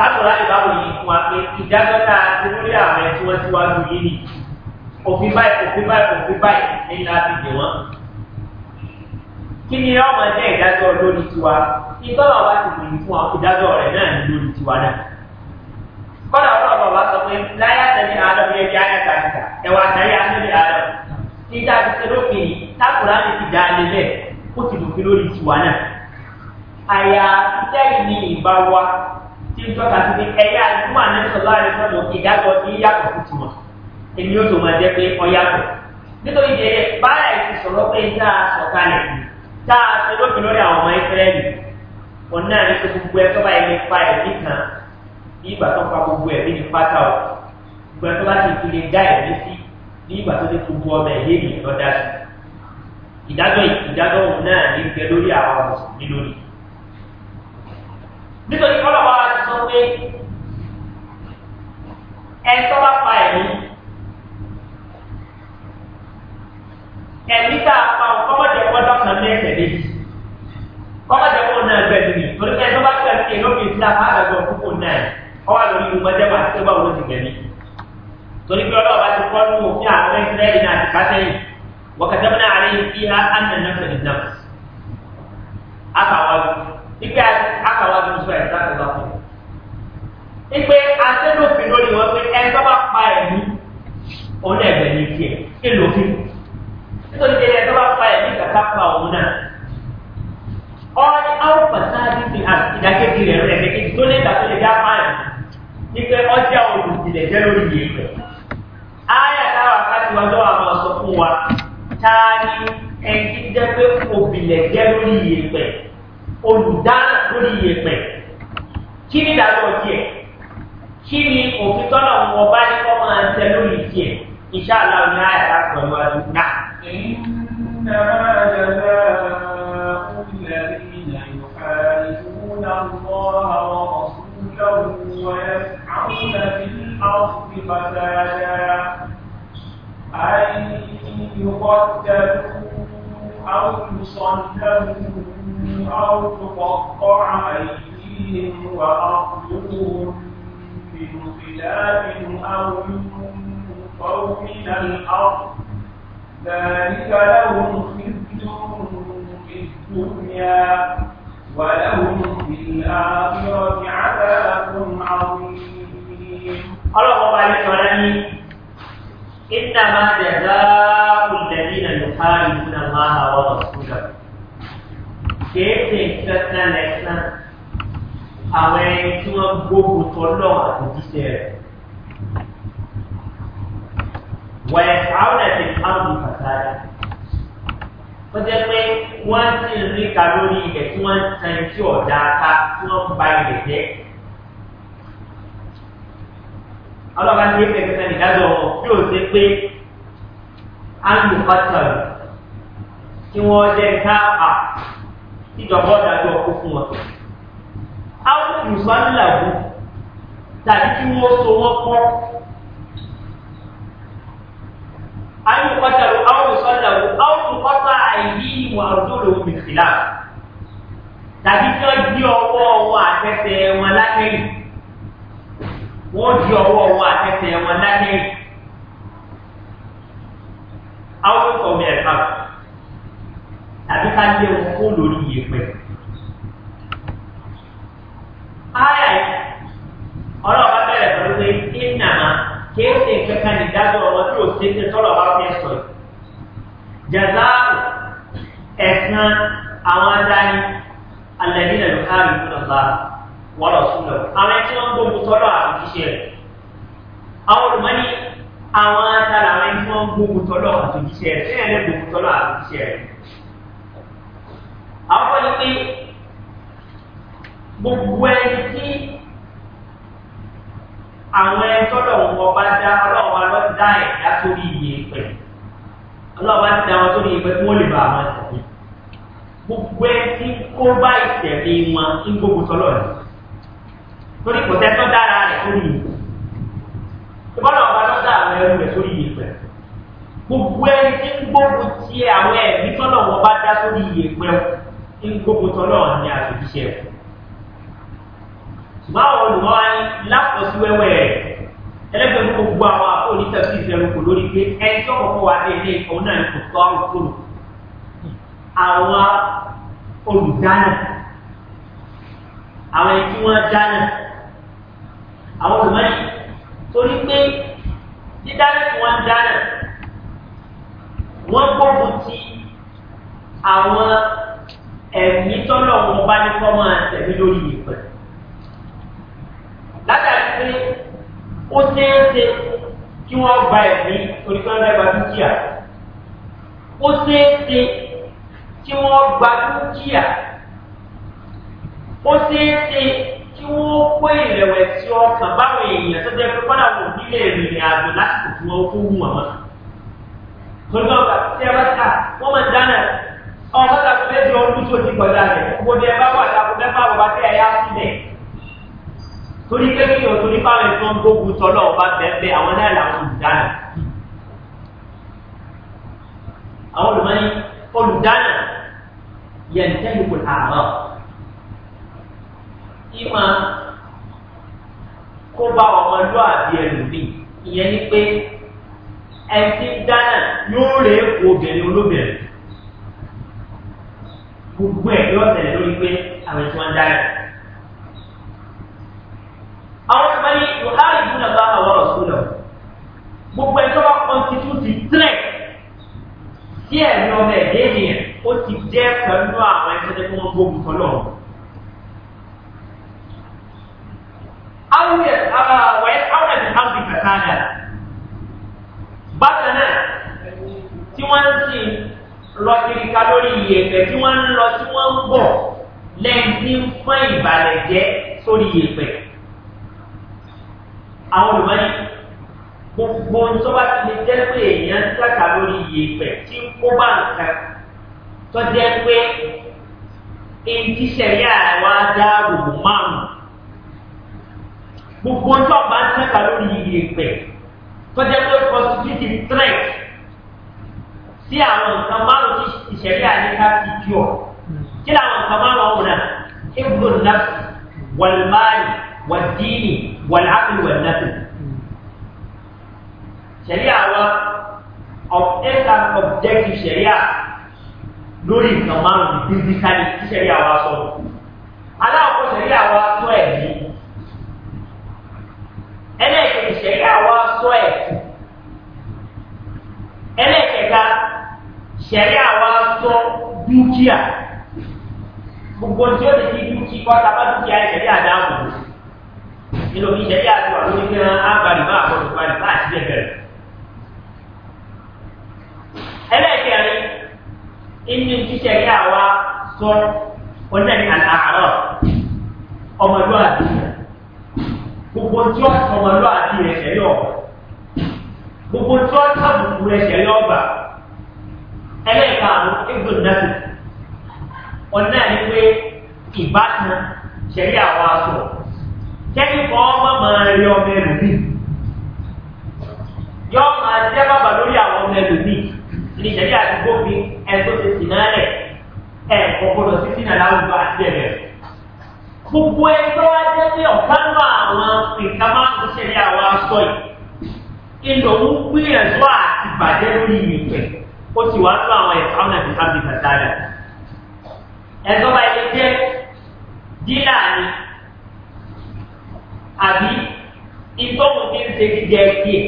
tásọ̀rọ̀ ìbáwò yìí fún wa pé ìdájọ́ta ti lórí àwọn ẹtí wọ́n síwájú yìí ni òfin báyìí òfin báyìí òfin báyìí ní láti dè wọ́n. kí ni ọmọ jẹ́ ìdájọ́ lórí tiwa ìtọ́lọ̀ wa ti gbìyànjú fún wa ìdájọ́ rẹ̀ náà ní lórí tiwa náà. kọ́dà ọ̀rọ̀ bàbá sọ pé láyà tẹ̀lé àádọ́ yẹn bí ayé kàkà ẹ̀wà àtàyè àtẹ̀lé àádọ́. ìdájọ́ ti lókè yìí ó ti lòfin lórí tiwa náà àyà tẹ́lẹ̀ ní ìbá wa tí ń tọ́ka sí pé ẹ̀yà àdúgbò ànẹ́sọ̀lá àdẹ́sọ̀lá ìdájọ́ ní yàtọ̀ fún tiwọn èmi ó tó máa jẹ́ pé ọ yàtọ̀ nítorí ìdẹ́rẹ́ báyà ti sọ̀rọ̀ pé tá a sọ̀ kalẹ̀ tá a sọ lófin lórí àwọn ọmọ ìsírẹ́lì wọn náà ní sọ gbogbo ẹ sọ́ba ẹni pa ẹ̀mí kan ní ìgbà tó pa gbogbo ẹ̀mí ní pátá o gbogbo ẹ tó bá ti fi lè dá ẹ̀mí sí ní ìgbà tó ti gbogbo ọmọ ẹ̀yẹ́ mi lọ́dá sí i ìdájọ́ ìdájọ́ òun náà ní bẹ lórí àwọn mùsùlùmí lónìí. nítorí kọ́lọ́wọ́ wa ti sọ pé ẹ̀tọ́ bá pa ẹ̀mí ẹ̀mí tá a pa ọkọ́mọdé ọgbọ́dọ̀ kan ní ẹ̀sẹ̀ méjì kọ́mọdé ọgbọ́n náà bẹ̀ nìyí torí pé ẹ̀tọ́ bá gbà ní ẹ̀rọ mi sílá fún àgbẹ̀gbọ̀n púpọ̀ náà ọwọ́ lórí ìmọ̀jẹ́ bá ti bá wọ́n ti gbẹ̀mí torí pé ti kọ́ وكتبنا عليهم فيها أن النفس بالنفس أتعوذ ipe akawaju sọ ẹ sáà tó tó ipe asẹnufin lórí wọn pé ẹ sábà pa ẹmí òun náà ẹgbẹ ní tiẹ kí lófin nítorí pé ẹ sábà pa ẹmí kàkà pa òun náà ọ̀rẹ́ àwọn pàtàkì fi hàn ìdákejì rẹ̀ rẹ̀ méjì tó lè gbà tó lè dá fáyà ní pé ọjà olùdílẹ̀ jẹ́ lórí yìí rẹ̀. Ayà táwọn akásíwájú àwọn sọ fún wa ta ni ẹni tí jẹ́ pé òbílẹ̀ jẹ́ lórí ìyèpẹ̀ olùdáná lórí ìyèpẹ̀ kí ni ìdájọ́ tiẹ̀ kí ni òfin tọ́nà wọn bá ní kọ́ máa ń tẹ lórí tiẹ̀ iṣẹ́ aláwọ̀ ní àyàrá pẹ̀lú àdúgbà. ويسعون في الأرض فسادا أي يقتلوا أو يصلبوا أو تقطع أيديهم وأرجلهم من خلاف أو ينفوا من الأرض ذلك لهم خزي في الدنيا ولهم في الآخرة عذاب عظيم. الله عليك إنما جزاء الذين يحاربون الله ورسوله kéèké sẹ́tẹ́ lẹ́sẹ̀ àwọn ẹni tí wọ́n gbógun tọ́lọ́ àtòjíṣẹ́ rẹ̀ wẹ̀ àwọn ẹ̀sìn áwùjọ pàtàkì ó jẹ́ pé wọ́n ti ń ríka lórí ilẹ̀ tí wọ́n ń ọlọ́ba ti ẹgbẹ́ kẹta nìdájọ́ wọn bí ó ṣe pé andrew patton tí wọ́n jẹ́ ká à tíjọba ọ̀dájọ́ ọkọ̀ fún wọn. àwọn ìsọ́nìlàbù tàbí kí wọ́n so wọ́n pọ́ andrew patton àwọn ìsọ́nìlàbù àwọn ìkọ́ta àìyí ìwà ọjọ́ lòun nìfìlà tàbí kí wọ́n di ọwọ́ wọn àtẹ́tẹ́ wọn látẹ̀yìn wọ́n di ọwọ́ wọn àtẹ̀tẹ̀ wọn lálẹ́ áwùsọ̀ mi ẹ̀ka tàbí ká lé wọn kó lórí ìyẹ̀pẹ̀. Ayà ọlọ́ọ̀bá bẹ̀rẹ̀ pẹ̀lú pé ìnàmà kìí ṣe kankan ìdájọ́ ọmọ tí ò ṣe ń tọ́lọ̀ bá fẹ́ sọ yìí. ẹ̀sán àwọn adáni alẹ́ nílẹ̀ lókàrí fún ọ̀la wọ́n lọ sùn lọ. àwọn ẹni tí wọ́n ń gbógun tọ́lọ̀ àti jíṣẹ́ rẹ̀. àwọn olùmọ́ni àwọn atara àwọn ẹni tí wọ́n ń gbógun tọ́lọ̀ àti jíṣẹ́ rẹ̀ sẹ́yìn lẹ́ gbógun tọ́lọ̀ àti jíṣẹ́ rẹ̀. àwọn ọ̀yọ́ pé gbogbo ẹni tí àwọn ẹni tọ́lọ̀ wọn bá dá ọlọ́wọ́ lọ dá ẹ̀dá sórí iye pẹ̀ ọlọ́wọ́ torí kò sẹ́tọ́ dára rẹ̀ sórí ìpè ìbọ́dọ̀ ọba tó dá àwọn ẹrú rẹ̀ sórí ìpè gbogbo ẹni tí ń gbógun ti àwọn ẹ̀mí tọ́nà wọn bá dá sórí ìpè ń gbógun tọ́nà ní àtòjíṣẹ́ rẹ̀ ṣùgbọ́n àwọn olùmọ́ wa ní lápọ̀sí wẹ́wẹ́ rẹ̀ ẹlẹ́gbẹ̀ẹ́ gbogbo àwọn àpò onítẹ̀sí ìfẹ́rù kò lórí pé ẹni tó kọ̀ọ̀kọ́ wa dé ilé ìkọ̀ náà kò tọ́ àrùn àwọn olùdáná àwọn ẹni tí wọ́n dáná àwọn olùmọ̀ọ́nì torí pé dídáná tí wọ́n ń dáná wọ́n gbógun ti àwọn ẹ̀mí tọ́lọ̀ wọn bá ní kọ́ máa tẹ̀mí lórí ìpẹ́. látàrí pé ó ṣeéṣe kí wọ́n gba ẹ̀mí oníkanlá ìgbà dúkìá ó ṣeéṣe kí wọ́n gba dúkìá ó ṣeéṣe kí wọ́n kó ìrẹ̀wẹ̀sì ọkàn báwọn èèyàn tó jẹ́ pé kọ́dà wò nílé ìrìn àjò lásìkò tí wọ́n kó wù wọ́n. Gbogbo ọgbà tí ẹ bá ta, wọ́n máa dáná. Ọmọ bàtà tó lẹ́sìn ọdún tó ti kọjá rẹ̀. Gbogbo ni ẹ bá wà láàbò mẹ́fà bàbá tí ẹ yá sílẹ̀. Torí pé kí ọ̀tún ní báwọn ẹ̀fọ́ ń gbógun tọ́lọ́ ọba bẹ́ẹ̀ àwọn náà làwọn olùdáná. Àwọn olùmọ̀ ìmọ̀ kó bá ọmọlúwàbí ẹlòmíì ìyẹn ni pé ẹtí dáná yóò rè é kó obìnrin olóbìnrin gbogbo ẹ̀ yóò tẹ̀lé lórí pé àwọn tí wọ́n dáná. àwọn ìpàdé buhari dúnà bá àwọn ọ̀sùn lọ gbogbo ẹ̀ tó bá kọ́ńtítútì tírẹ̀ tí ẹ̀rí ọmọ ẹ̀dẹ́ ènìyàn ó ti jẹ́ pẹ̀lú àwọn ẹ̀ṣẹ́ tó ń gbógun kan lọ́wọ́. أو ويسعون في الأرض فسادا bákan náà tí wọ́n ń sìn lọ kiriká lórí ìyẹ̀pẹ̀ tí wọ́n ń lọ tí wọ́n ń bọ̀ lẹ́yìn tí ń fún ìbàlẹ̀ jẹ́ sórí ìyẹ̀pẹ̀ àwọn olùmọ́ni gbogbo tó bá ti lè jẹ́ pé èèyàn ń dàgbà lórí ìyẹ̀pẹ̀ tí ń kó bá nǹkan tó jẹ́ pé èyí ti ṣẹ̀yà wa dá gbogbo márùn-ún gbogbo ọjọ́ bá ń tẹ́ka lórí iye ìpè tọ́jà pé constitute threat sí àwọn nǹkan márùn tí ìṣẹ̀lẹ̀ àyíká ti jù ọ́ kí làwọn nǹkan márùn ọ̀hún náà ibùdó nàfì wàlmáàlì wàdíìnì wàláàfin wàlnáfì. ṣẹ̀lẹ̀ àwọn object and objective ṣẹ̀lẹ̀ lórí nǹkan márùn bíbí sáré tí ṣẹ̀lẹ̀ àwọn sọ̀rọ̀ aláwọ̀ ṣẹ̀lẹ̀ àwọn sọ ẹ̀mí ẹlẹ́ẹ̀kejì ṣẹ̀rí àwọn aṣọ ẹ̀ ẹlẹ́ẹ̀kẹta ṣẹ̀rí àwọn aṣọ dúkìá gbogbo tí ó lè fi dúkìá kọ́ta bá dúkìá ṣẹ̀rí àdáàbò nínú bí ṣẹ̀rí àti wà lórí pé ágbàdì bá àkọ́tù parí bá àti bẹ́ẹ̀ bẹ̀rẹ̀. ẹlẹ́ẹ̀kẹrin inú tí ṣẹ̀rí àwa sọ onílẹ̀ ní àlàárọ̀ ọmọdé gbogbo tí wọ́n sọ wọn lọ àti ẹ̀ṣẹ̀ yọ̀ gbogbo tí wọ́n sábùkù ẹ̀ṣẹ̀ yọ̀ gbà ẹlẹ́ẹ̀kaàrún égbò náà ọ̀nà ní pé ìbátan ṣẹ̀rí àwọn aṣọ kẹ́kọ̀ọ́ ọmọ máa rí ọmọ ẹlòmíì yọ máa jẹ́ bàbà lórí àwọn ọmọ ẹlòmíì ní ìṣẹ̀lẹ̀ àdúgbò fi ẹ̀sọ́ ti sìn náà rẹ̀ ẹ̀ kọ̀ọ̀kan lọ sí sínú aláwùjọ àti ẹ̀rẹ̀ gbogbo ẹ tó wá jẹ́ pé ọ̀kan lọ àwọn nǹkan máa ń ṣẹlẹ̀ àwọn aṣọ yìí ìlò ń gbìyànjú àti bàjẹ́ lórí ìyẹ̀pẹ̀ ó sì wá tó àwọn ẹ̀ka ọ̀nà ìta bí kàtàrà ẹ̀tọ́ bá ilé jẹ́ dílà ni àbí ìtọ́wò tí ń ṣe jíjẹ díẹ̀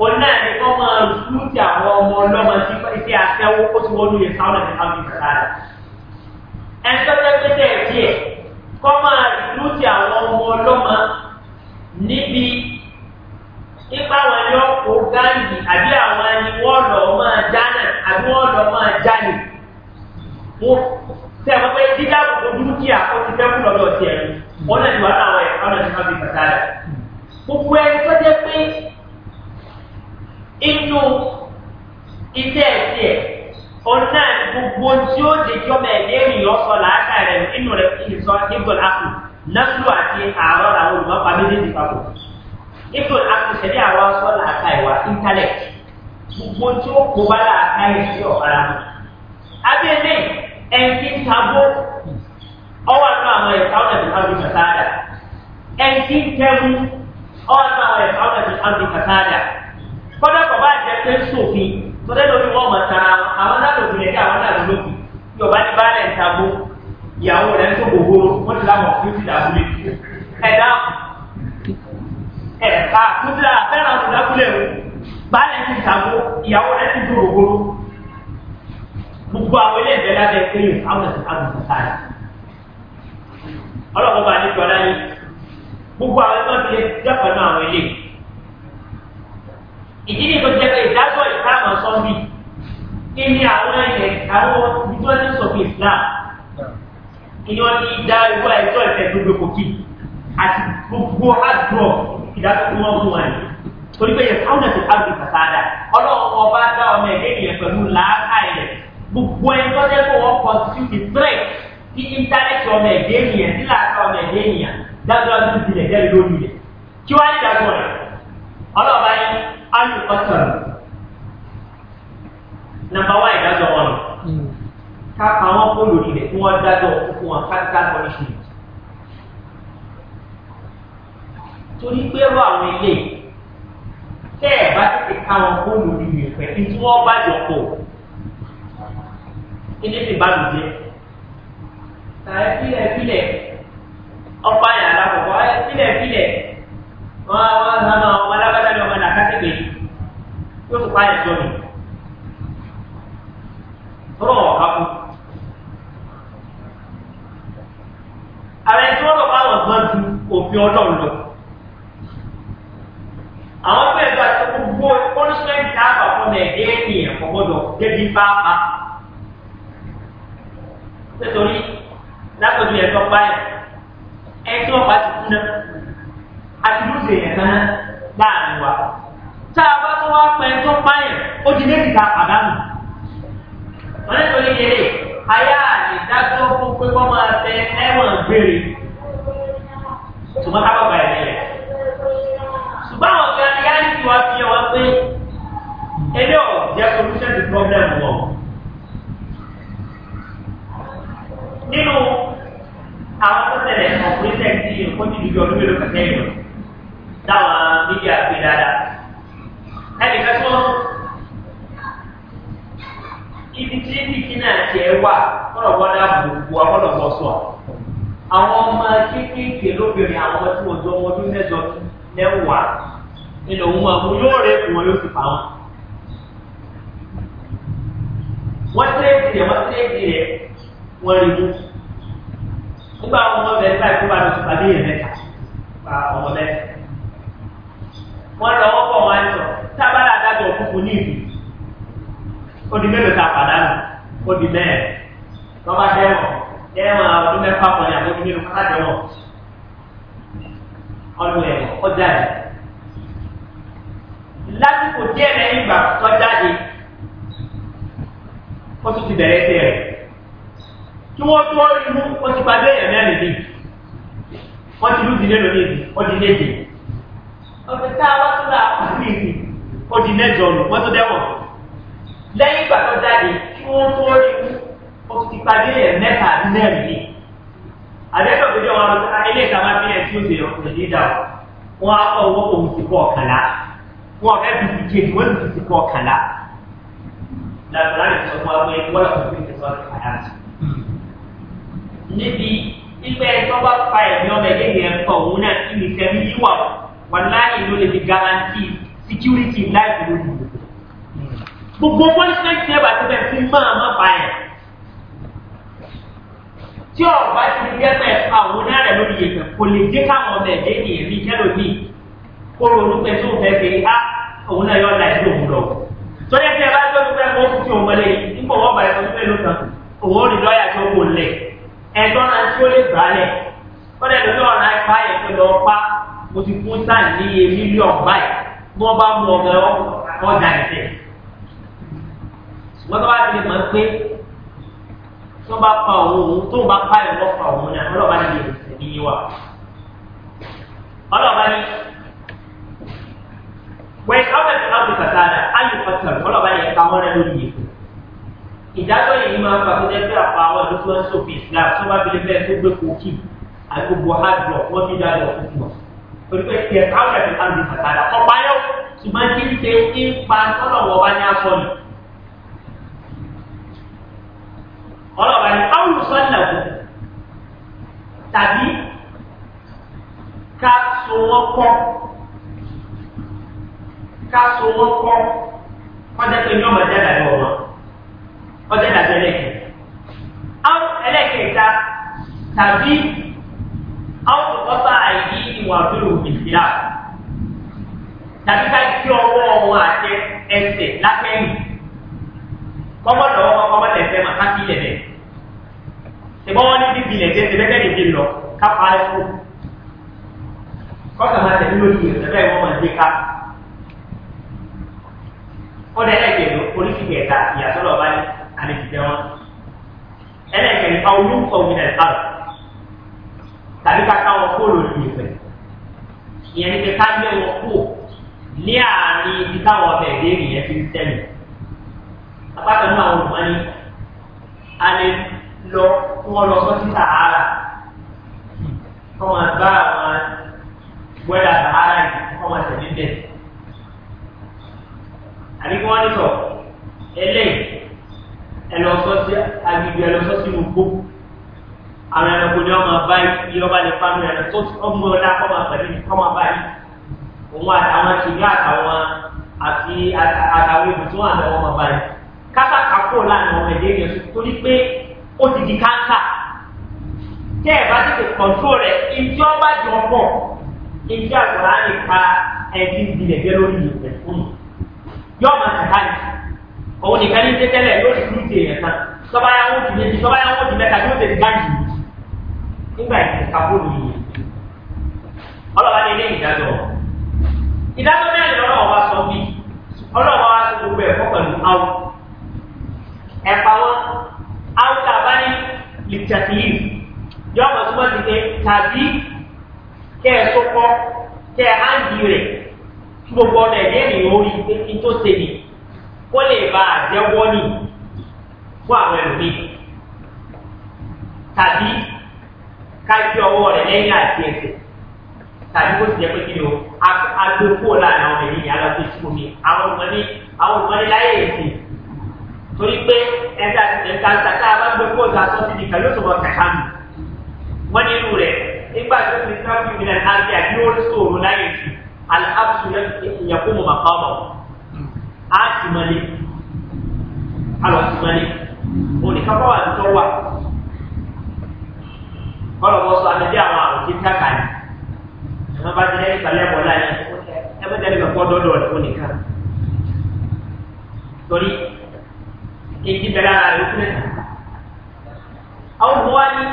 òun náà ni wọ́n máa rú ti àwọn ọmọ ọlọ́mọ sí iṣẹ́ afẹ́wọ́ ó ti wọ́n lóye sáwọn ẹ̀ka ọ̀nà ìta bí kàtàrà ẹ̀tọ́ tẹ́ pé tẹ́ kọ́ máa lù ti àwọn ọmọ ọlọ́mọ níbi ipa wọn ni wọ́n kó gáàngì àbí àwọn ẹni wọ́n lọ máa jáná àbí wọ́n lọ máa jáde. Mo tẹ́ ẹ mọ́ pé dídá gbogbo dúkìá ó ti fẹ́ kú lọ́dọ̀ tiẹ̀ wọ́n náà ti wá láwọn ẹ̀ ọ̀nà tí wọ́n fi bàtà rẹ̀. Gbogbo ẹni tó jẹ́ pé inú iṣẹ́ ẹ̀ tiẹ̀ ọ̀nà gbogbo tí ó di jọmọ ẹ̀dẹ́ ènìyàn sọ làákà rẹ̀ nínú rẹ̀ kí n sọ ibùdó àpò násùlù àti àárọ̀ làwọn olùmọ̀pá méjèèjì papọ̀ ibùdó àpò ṣẹ̀dí àwọn sọ làákà ìwà íńtánẹ̀tì gbogbo tí ó kó bá làákà yìí sí ọ̀pára mi. abẹ́lé ẹ̀ǹkí tabó ọwọ́ àtọ́ àwọn ẹ̀ka ọ̀nà ìfàmì kàtàdà ẹ̀ǹkí tẹ́mu ọwọ́ àtọ́ àwọn ẹ̀ka ọ̀nà ìfàmì kàtàdà kọ́dọ̀ kọ́ bá jẹ́ tọ́lẹ́ lórí wọ́n mọ̀ tán àwọn dàdùn ìpìlẹ̀ ní àwọn dàdùn lókè bí ọba ní baálẹ̀ ń tagbó ìyàwó rẹ̀ ń tó gbogbo wọ́n ti láwọn fún ìfìdá abúlé ẹ̀dá ẹ̀ka kúndà fẹ́ràn ìfìdá abúlé o baálẹ̀ ti tagbó ìyàwó rẹ̀ ti tó gbogbo gbogbo àwọn ilé ìfẹ́ lábẹ́ ìpínlẹ̀ àwọn àgùntàn sáré ọlọ́kọ̀ọ́ bá ní gbọ́dá yìí gbogbo àwọn ẹgbẹ́ ìdí ni kò jẹ́ pé ìdájọ́ ìsìlámù sọ́ọ̀bì kí ni àwọn ẹ̀yẹ àwọn ìtọ́jú sọ̀kì ìsìlámù ìyẹn wọn ní dá irú ẹjọ́ ìfẹ́ tó gbé kòkì àti gbogbo àdúrọ̀ ìdájọ́ tó wọ́n fún wa ni torí pé yẹn káwọn ẹ̀sìn káwọn ìfà sáadà ọlọ́run ọba dá ọmọ ẹ̀dẹ́ ìyẹn pẹ̀lú làákàyè gbogbo ẹjọ́ tẹ́ kó wọ́n kọ́ sí ti tẹ́lẹ̀ kí íńtánẹ́ẹ̀tì ọmọ ẹ̀dẹ́ ìyẹn sí làákà ọmọ ẹ̀dẹ́ ìyẹn dájọ́ ọdún ìdílẹ̀ jẹ́ lórí rẹ̀ kí wọ́n á ní dájọ́ rẹ̀ ọlọ́ọ̀bá yẹn alùpàtàn nàmbà wá ìdájọ́ wọn lọ hmm. ká àwọn kó lórí rẹ̀ kí wọ́n dájọ́ fún wọn ká dájọ́ ní ṣùgbọ́n torí pé wọ́n àwọn ilé tẹ́ ẹ̀ bá tètè ká wọn kó lórí pẹ̀ kí tí wọ́n bá jọ pọ̀ ilé ti bá lù jẹ́ tàbí fílẹ̀ fílẹ̀ ọ̀pá yàrá kọ̀ọ̀kan fílẹ̀ fílẹ̀ wọ́n wọ́n sá náà ọmọ alágbádá ni ọmọ làkàtìgbè yóò tún pààyàn jọ mi tọ́lọ̀ wọ̀ ká kú. ààrẹ tí wọ́n lọ bá wọn gbọ́n ju òfin ọlọ́run lọ. àwọn bẹ́ẹ̀ bá tó gbogbo punishment dáàbà fún ẹ̀dẹ́ ènìyàn kò gbọ́dọ̀ débi bá a. nítorí lápẹ̀jù ẹ̀tọ́ báyìí ẹ̀ tí wọ́n bá ti kú náà àtìlúṣe yẹn tán láàrin wa tá a bá tó wá pẹ́ tó páyẹ̀ ó di méjì ta àdánù wọ́n ní torí kéré ayá ìdájọ́ fún pé wọ́n máa tẹ ẹ̀wọ̀n gbére ṣùgbọ́n kábọ̀ bàyẹ̀ nílẹ̀ ṣùgbọ́n àwọn ọ̀gá ni yáà ti wá fi wọn pé ilé ọ̀ jẹ́ solution to problem wọn. nínú àwọn tó tẹ̀lé ọ̀pọ̀ ìṣẹ́ ti ìkọ́jú ìdíjọ́ ọdún mélòó kẹsẹ́ yìí lọ táwọn mídíà gbé dáadáa ẹnì kan tó ibi tí bìkí náà tiẹ̀ wà kọ́nà wọ́n dá gbogbo akọ́nà bọ́ sọ àwọn ọmọ kéékèèké lóbìnrin àwọn ọmọ tí wọ́n jọ ọmọdún mẹ́jọ lẹ́wàá nínú òun máa mú yóò rẹ̀ kùn wọn yóò sì pa wọn. wọ́n tẹ́lẹ̀ tiẹ̀ wọ́n tẹ́lẹ̀ tiẹ̀ wọ́n rí mú nígbà àwọn ọmọ bẹ̀rẹ̀ láì kó bá lọ sí pàdé yẹn mẹ́ta pa ọmọ mẹ́ta wọ́n lọ́wọ́ pọ̀ wọ́n sọ tábàlà adájọ́ òkúkú ní ìlú ó di mélòó ta pàdánù ó di mẹ́ẹ̀ lọ́ba dẹ́wọ̀n dẹ́wọ̀n ọdún mẹ́fà kan ní àbójú nínú kọ́lá dẹ́wọ̀n ọdún ẹ̀wọ̀n ó jáde lásìkò díẹ̀ lẹ́yìn ìgbà tó jáde ó tún ti bẹ̀rẹ̀ sí rẹ̀ kí wọ́n tó rí mú ó ti padé ẹ̀mẹ́rin bíi wọ́n ti lù dín lẹ́nu ní ìdí ó di méje ọ̀sẹ̀ tá a wá tó ra àkúrìsì ó di mẹ́jọ nù wọ́n tó dẹ́wọ̀n lẹ́yìn ìgbà tó jáde kí wọ́n tó rí mú ó ti padì ẹ̀ mẹ́ta àti mẹ́rin ni àdẹ́sọ̀ tó jẹ́ wọn ilé ìtàwọn abílẹ̀ tí ó ṣe ọkùnrin ní ìdá wọn á kọ́ owó òun ti kọ́ ọ̀kànlá wọn ọ̀fẹ́ bí ti kéde wọ́n ti ti kọ́ ọ̀kànlá làbàlá lè sọ fún wọ́n lọ́kọ̀ sọ wàláyé ló lè fi garanti security life ló lù gbogbo punishment ti ẹ bá ti bẹ fi máa má bá yẹn tí ọba ti di gẹ́gẹ́ àwọn náà rẹ̀ lórí yẹn kò lè dé káwọn ọmọ ẹ̀dẹ́ ènìyàn bíi kẹlòmíì kó ronú pé tó fẹ́ fi á òun náà yọ láì lóun lọ tọ́jà tí ẹ bá tó dúpẹ́ kó fi òun mọ́lẹ̀ yìí nígbà wọ́n bá ẹ̀kọ́ dúpẹ́ lóta òun ò ní lọ́ọ̀yà tó kò lẹ̀ ẹ̀gbọ́n náà tí ó lè gbà kọ́dẹ̀ lórí ọ̀nà o ti fún sáà ní iye mílíọ̀nù báyìí bí wọ́n bá mú ọ̀gá ọjà ẹ̀sẹ̀. ṣùgbọ́n tó bá ti lè mọ̀ pé tó bá pa òun òun tó bá pa ìwọ́ pa òun ni ọlọ́ba ní iye ẹ̀mí yìí wà. ọlọ́ba ní wẹ́n káwọn ẹ̀sìn náà ti kàtà rẹ̀ ayò pàtàkì ọlọ́ba yẹ ká wọ́n rẹ̀ lórí yìí kù. ìdájọ́ yìí máa ń fa fún ẹgbẹ́ àpá àwọn ìlú tó ń sòfin ìsìlámù tó bá fi lè fẹ́ tó gbé kókì àti hard rock wọ́n ti dá lọ fún wọn torípé tiẹ̀ káwọn ẹ̀fẹ̀ kan ti sàkàdà ọ̀pá yọ ṣùgbọ́n tí ń ṣe ń pa tọ́lọ̀wọ̀ ọba ní aṣọ ni. ọlọ́ba ni káwọn sọ́nà kù tàbí ká so wọ́n kọ́ ká so wọ́n kọ́ kọ́jà pé ní ọmọ jáde àgbọ̀ wọn kọ́jà dàbí ẹlẹ́kẹ̀ẹ́ ẹlẹ́kẹ̀ẹ́ta tàbí àwọn ọ̀pọ̀ta àìdí ìwà àbúrò ìfìlà tàbí ká kí ọwọ́ wọn àti ẹsẹ̀ lápẹ́yìn kọ́mọ́dọ̀ wọn kọ́mọ́dọ̀ ẹ̀fẹ́ máa káfí ilẹ̀ bẹ́ẹ̀ ṣùgbọ́n wọn ní bíbí ilẹ̀ tẹ́sẹ̀ bẹ́ẹ̀ lè dé lọ kápá rẹ̀ kú kọ́kà máa tẹ̀lé lórí ìrẹ̀lẹ̀ bẹ́ẹ̀ wọ́n máa dé ká ó dẹ́ ẹ̀kẹ́ oríṣi kẹta ìyàtọ̀ lọ́ba ní àlejò jẹ́ wọn ẹlẹ́kẹ̀ẹ́ nípa káwọn kó lòdì ìfẹ́ ìyẹn ní kíkà gbé wọn kó ní àárín ibi táwọn ọbẹ̀ èdè nìyẹn ti ń tẹ̀lé apákan náà wọn wọn ni a lè lọ kí wọn lọ sọ sí sahara kí wọn bá àwọn wẹ́dà sahara yìí kí wọn tẹ̀lé bẹ́ẹ̀ àbí kí wọ́n sọ ẹlẹ́yìn ẹlọ́sọ́sí agbègbè ẹlọ́sọ́sí gbogbo àwọn ẹranko ni wọn máa bá yìí ọba lè fanu ẹran tó ọmọ ọdá kọ́ máa pẹ̀lú ní kọ́ máa bá yìí òun àtàwọn ṣìgá àtàwọn àti àtàwọn ibùdó àtàwọn máa bá yìí kátàkàkó lànà ọmọ ẹ̀dẹ́ yẹn sùn torí pé ó ti di káńtà tẹ́ ẹ̀ bá tètè kọ̀ǹtró rẹ̀ ìjọ bá jọ pọ̀ ìjọ àgbọ̀lá lè pa ẹtí ìbílẹ̀ jẹ́ lórí ìyẹ̀fẹ̀ fún yọ ọmọ sàkáyì òun nìkan ní tẹ́tẹ́lẹ̀ yóò sì lùtì èèyàn kan tọ́ba yà wọ́n ti nígbà tí kábòlù yìí ọlọ́wà ní ilé ìdájọ́ ìdájọ́ náà ni ọlọ́wà wá sọ bí ọlọ́wà wá sí gbogbo ẹ̀kọ́ pẹ̀lú áwù ẹ̀pà wọn áwù tá a bá ní lìtàtìyìí yọ ọmọ tí wọ́n ti pé tàbí kẹ́ ẹ tó kọ́ kẹ́ ẹ áǹdì rẹ̀ kí gbogbo ọ̀nà ẹ̀dẹ́ ènìyàn orí pé kí tó ṣe ni kó lè bá àjẹwọ́ nì fún àwọn ẹlòmíì tàbí kájí ọwọ́ rẹ̀ lẹ́yìn àti ẹsẹ̀ tàbí kó ti jẹ́ pé kí ni o agbókò láàrin àwọn ènìyàn ní alágbó sí omi àwọn ọmọdé àwọn ọmọdé láyé èsì torí pé ẹ̀ka ẹ̀ka ṣàkà abágbókò sàtọ́ sí nìkan yóò sọ̀rọ̀ kàkà mi wọ́n ní irú rẹ̀ nígbà tó ti sáfì mi náà láti àbí ó sòrò láyé èsì alábùsù yẹkú mọ̀ màkà ọmọ á sì mọ́lé òní kápá wà tó wà kọ́nà wọ́n sọ àtẹ̀dí àwọn àrùn tí ń tàkà ní ẹ̀mọ́ bá ti lẹ́yìn ìpàlẹ́ ẹ̀bọ̀ láyé ẹ̀mọ́ tẹ́lẹ̀ mẹ́kọ́ dọ́dọ̀ rẹ̀ fún nìkan torí èyí bẹ̀rẹ̀ ara rẹ̀ fún ẹ̀sán àwọn ọmọ wa ní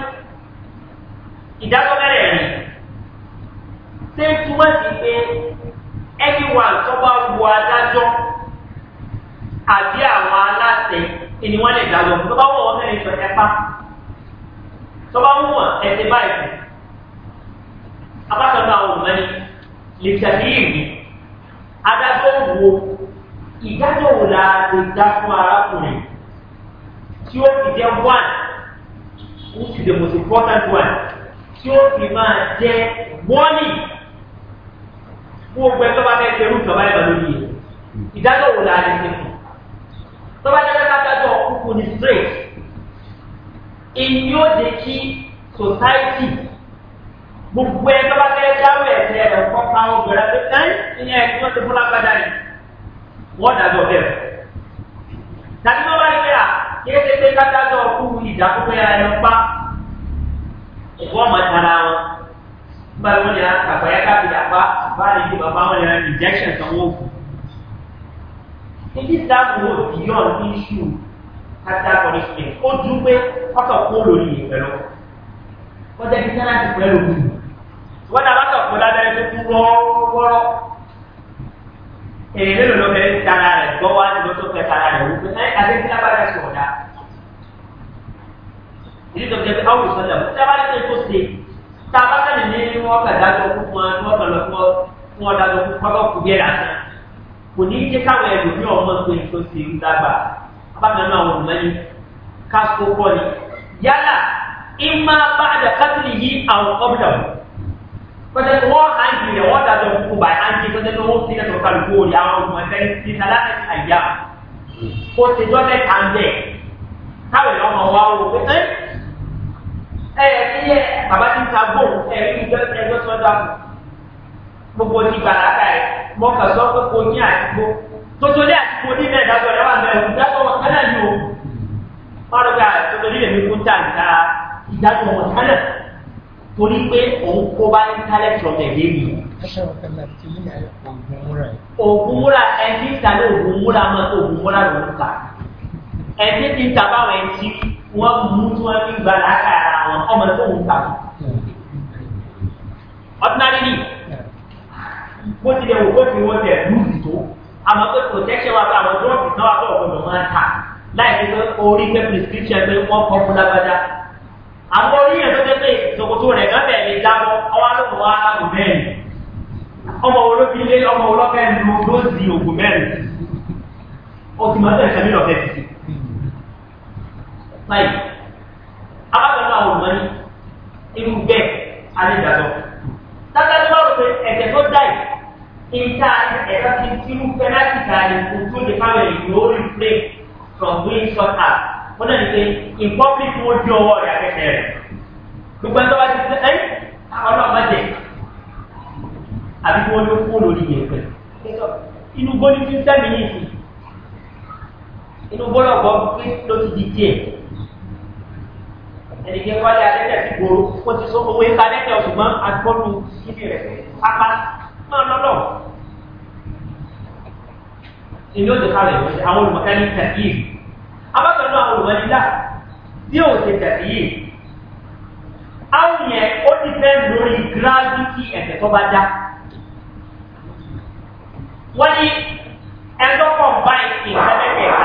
ìdájọ́ mẹ́rẹ̀ rẹ̀ ṣé ń túmọ̀ sí pé ẹni wà tó bá adájọ́ àbí àwọn aláṣẹ ìníwọ́n lè dájọ́ tó bá wọ̀ ọ́ mẹ́rin sọ ẹ tọ́ba ń wọ̀n ẹ̀sìn báyìí abákan náà wọ̀n mẹ́rin lè tẹ̀lé ìrìn adájọ́ wo ìdájọ́ wo la lè dá fún arákùnrin tí ó fi jẹ́ one which is the most important one tí ó fi máa jẹ́ warning fún ogun ẹgbẹ́ bá fẹ́ ṣerú ìjọba ẹ̀rọ lórí ìdájọ́ wo la lè ṣe fún tọ́ba jẹ́ pé ká kúkú ní straight èyí ó de kí society gbogbo ẹ tó bá fẹ́ jáwé ẹsẹ̀ rẹ̀ kọ́ pa àwọn obìnrin pé ẹ́ ìyẹn ẹni wọ́n ti fún lágbádá yìí wọ́n dàgbọ́ bẹ́ẹ̀. tàbí wọ́n bá yẹ à kéé ṣe pé kájájọ́ kú ìdàkúgbẹ́ ẹ̀rọ pa ìwọ́n máa tara wọn nígbà tí wọ́n yà àgbáyá káfíńdà pa àbáyé ju bàbá wọn yà injection sanwó-ògùn. ìdí ìdáàbò òdìyàn ní ata punishment ó dún pé ọkọ̀ kó lórí ìpẹ́ lọ kọjá bí sára ti pẹ́ lórí wọn náà bàtà kó lábẹ́rẹ́ tó kú wọ́ọ́rọ́ èyí lè lọ bẹ̀rẹ̀ tara rẹ̀ gbọ́ wá ní lọ́tọ́ fẹ́ tara rẹ̀ wípé ẹ adé tí lábàrá ṣe ọ̀dà ìdí tó ń jẹ́ pé káwọn ìṣọ̀lẹ̀ mú tábà ní tó ṣe tábà kàn ní wọ́n kà dájọ́ fún wọn wọ́n kàn lọ fún ọ fún ọ̀dà lọ fún pápá kù yẹ́ lásán kò ní í jẹ́ káwọn ẹ̀rù ní ọmọ pé tó ṣe ń dágbà bákan náà wọn mẹ́rin kásìkò kọ́ ni yálà ìmá bá àdà kátìlì yìí àwọn ọ̀bùdà wọn kọ́tẹ́ tó wọ́n hàǹkì rẹ̀ wọ́n dàdọ̀ kúkú báyìí hàǹkì kọ́tẹ́ tó wọ́n sílẹ̀ tó kálukú òòlì àwọn ọmọ ẹgbẹ́ ti sálá àyà kó ti dọ́lẹ̀ kàńdẹ̀ káwé ọmọ wa wò pé ẹ́ ẹ ẹ ti yẹ bàbá ti ta gbó ẹ rí ìjọ ẹgbẹ́ tó dà kù gbogbo ti gbàlá ká ẹ mọ kà sọ pé kò ní àdúgbò tòtòlé àti kòdí náà dájọ́ rẹ̀ wà mẹ́rin ìdájọ́ wọn kánà ni o ọ̀rọ̀gà tòtòlé lèmi kó tà níta ìdájọ́ wọn kánà torí pé òun kó bá ní tálẹ̀tì ọ̀tẹ̀ lébi. ògùn múra ẹni ta ní ògùn múra mọ́ tó ògùn múra ló ń ta ẹni tí ń ta báwọn ẹni tí wọ́n mú tí wọ́n fi gbà lákàrà ọmọ tó ń ta. ordinary ni bó ti dẹ̀ wò bó ti àmọ́ pé protection wa ká àwọn drug náà wà bọ̀ gbọdọ̀ máa ta láì ní pé orí pé prescription pé wọ́n kọ́ fún lágbájá. àwọn oríyàn tó tẹ́tẹ́ ìṣòkòtò rẹ̀ gán bẹ̀rẹ̀ ìjábọ̀ ọwọ́ alóògùn wa aláàbò mẹ́rin ọmọ olóbi ilé ọmọ olófẹ́ lu lóòsì ògùn mẹ́rin ó ti máa tẹ̀sán nínú ọ̀fẹ́ títí. láì abájọ́ náà ò mọ́ ní irú bẹ́ẹ̀ alẹ́ ìdájọ́ in time era più fanaticare in cui le famiglie non refrain from being shot up. Wọ́n náà ní pé in public wọ́n di ọwọ́ rẹ̀ akẹ́kẹ́ rẹ̀. Gbogbo ẹni tó bá ti sẹ́ ẹ́ ọlọ́ọ̀bá jẹ̀ àbí wọ́n ló kó lórí yẹn pẹ̀. Inú gbólí ti ń sẹ́mi ní ìsìn. Inú gbólí ọ̀gbọ́ pé ló ti di díẹ̀. Ẹni kí wọ́n lé adẹ́tẹ̀ sí gbòòrò, ó ti sọ owó ìka adẹ́tẹ̀ ọ̀ṣùgbọ́n agbọ́nù kíbi rẹ̀ pápá máa lọ́lọ́ ìní ó ti kalẹ̀ ìwé àwọn olùmọ̀kẹ́ ní tẹ̀yìn abákanú àwọn olùmọ̀lélá bí ó ti tẹ̀yìn àwọn yẹn ó ti fẹ́ lórí gravity ẹ̀fẹ̀ tó bá dá wọ́n ní ẹ̀dọ́kọ̀ báyìí ìfẹ́ mẹ́tẹ̀ẹ̀ta.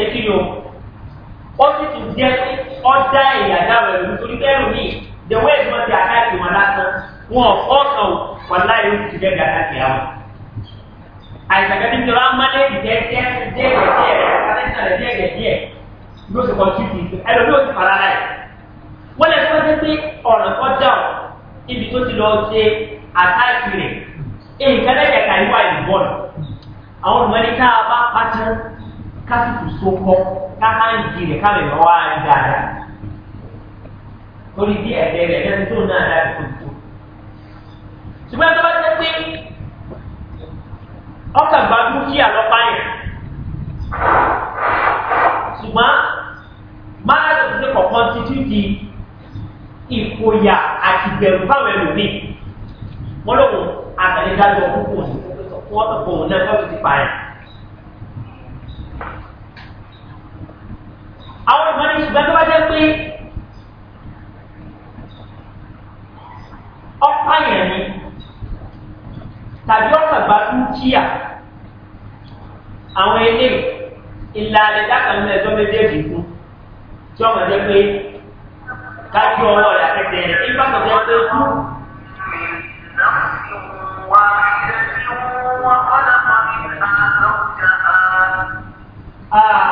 ṣe kí o ó sì tún jẹ́ pé ọjà ìyàdá rẹ̀ lù torí kẹ́rù mi the way tí wọ́n ti àkáàkì wọn lásán wọn ò fọ́ọ̀kan o wọn láyé ó ti jẹ́ bí àkáàkì àwọn. àìsàn kẹ́kẹ́ tí wọ́n á má lé ìjẹ́ díẹ̀ díẹ̀ díẹ̀ díẹ̀ díẹ̀ ló ti kọ́ sí ti ẹlòmí ò ti fara láì wọ́n lè fẹ́ fẹ́ pé ọ̀ràn kan dà ọ́ ibi tó ti lọ ṣe àtàkì rẹ̀ èyí kẹ́lẹ́kẹ̀ka ìwà ìbọn àwọn olùmọ̀lẹ́ká bá pàṣẹ kásìkò sókọ́ ká má ń di rẹ̀ káwé lọ́ wá ń dáadáa. Orí bí ẹ̀dẹ̀ rẹ̀ ẹ̀dẹ̀ tó náà dá tó tó. Ṣùgbọ́n tó bá jẹ́ pé ọkà gba dúkìá lọ́pàá yẹn. Ṣùgbọ́n máa ní kọ̀ọ̀kan títí di ìkóyà àti bẹ̀rù báwọn ẹlòmíì. Wọ́n lọ́wọ́ àtàlẹ́dájọ́ púpọ̀ sí fún ọ̀tọ̀ fún òun náà fọ́ọ̀tù ti àwọn ìmọ̀ ní ṣùgbọ́n tó bá jẹ́ pé ọ̀pá yẹn ni tàbí ọ̀pá ìgbà dúkìá àwọn ilé ìlànà dákàmúlẹ̀ tó méjèèjì fún tí ọmọ jẹ́ pé kájú ọwọ́ rẹ̀ àtẹ̀tẹ̀ rẹ̀ nígbà tó jẹ́ pé kú. Ah.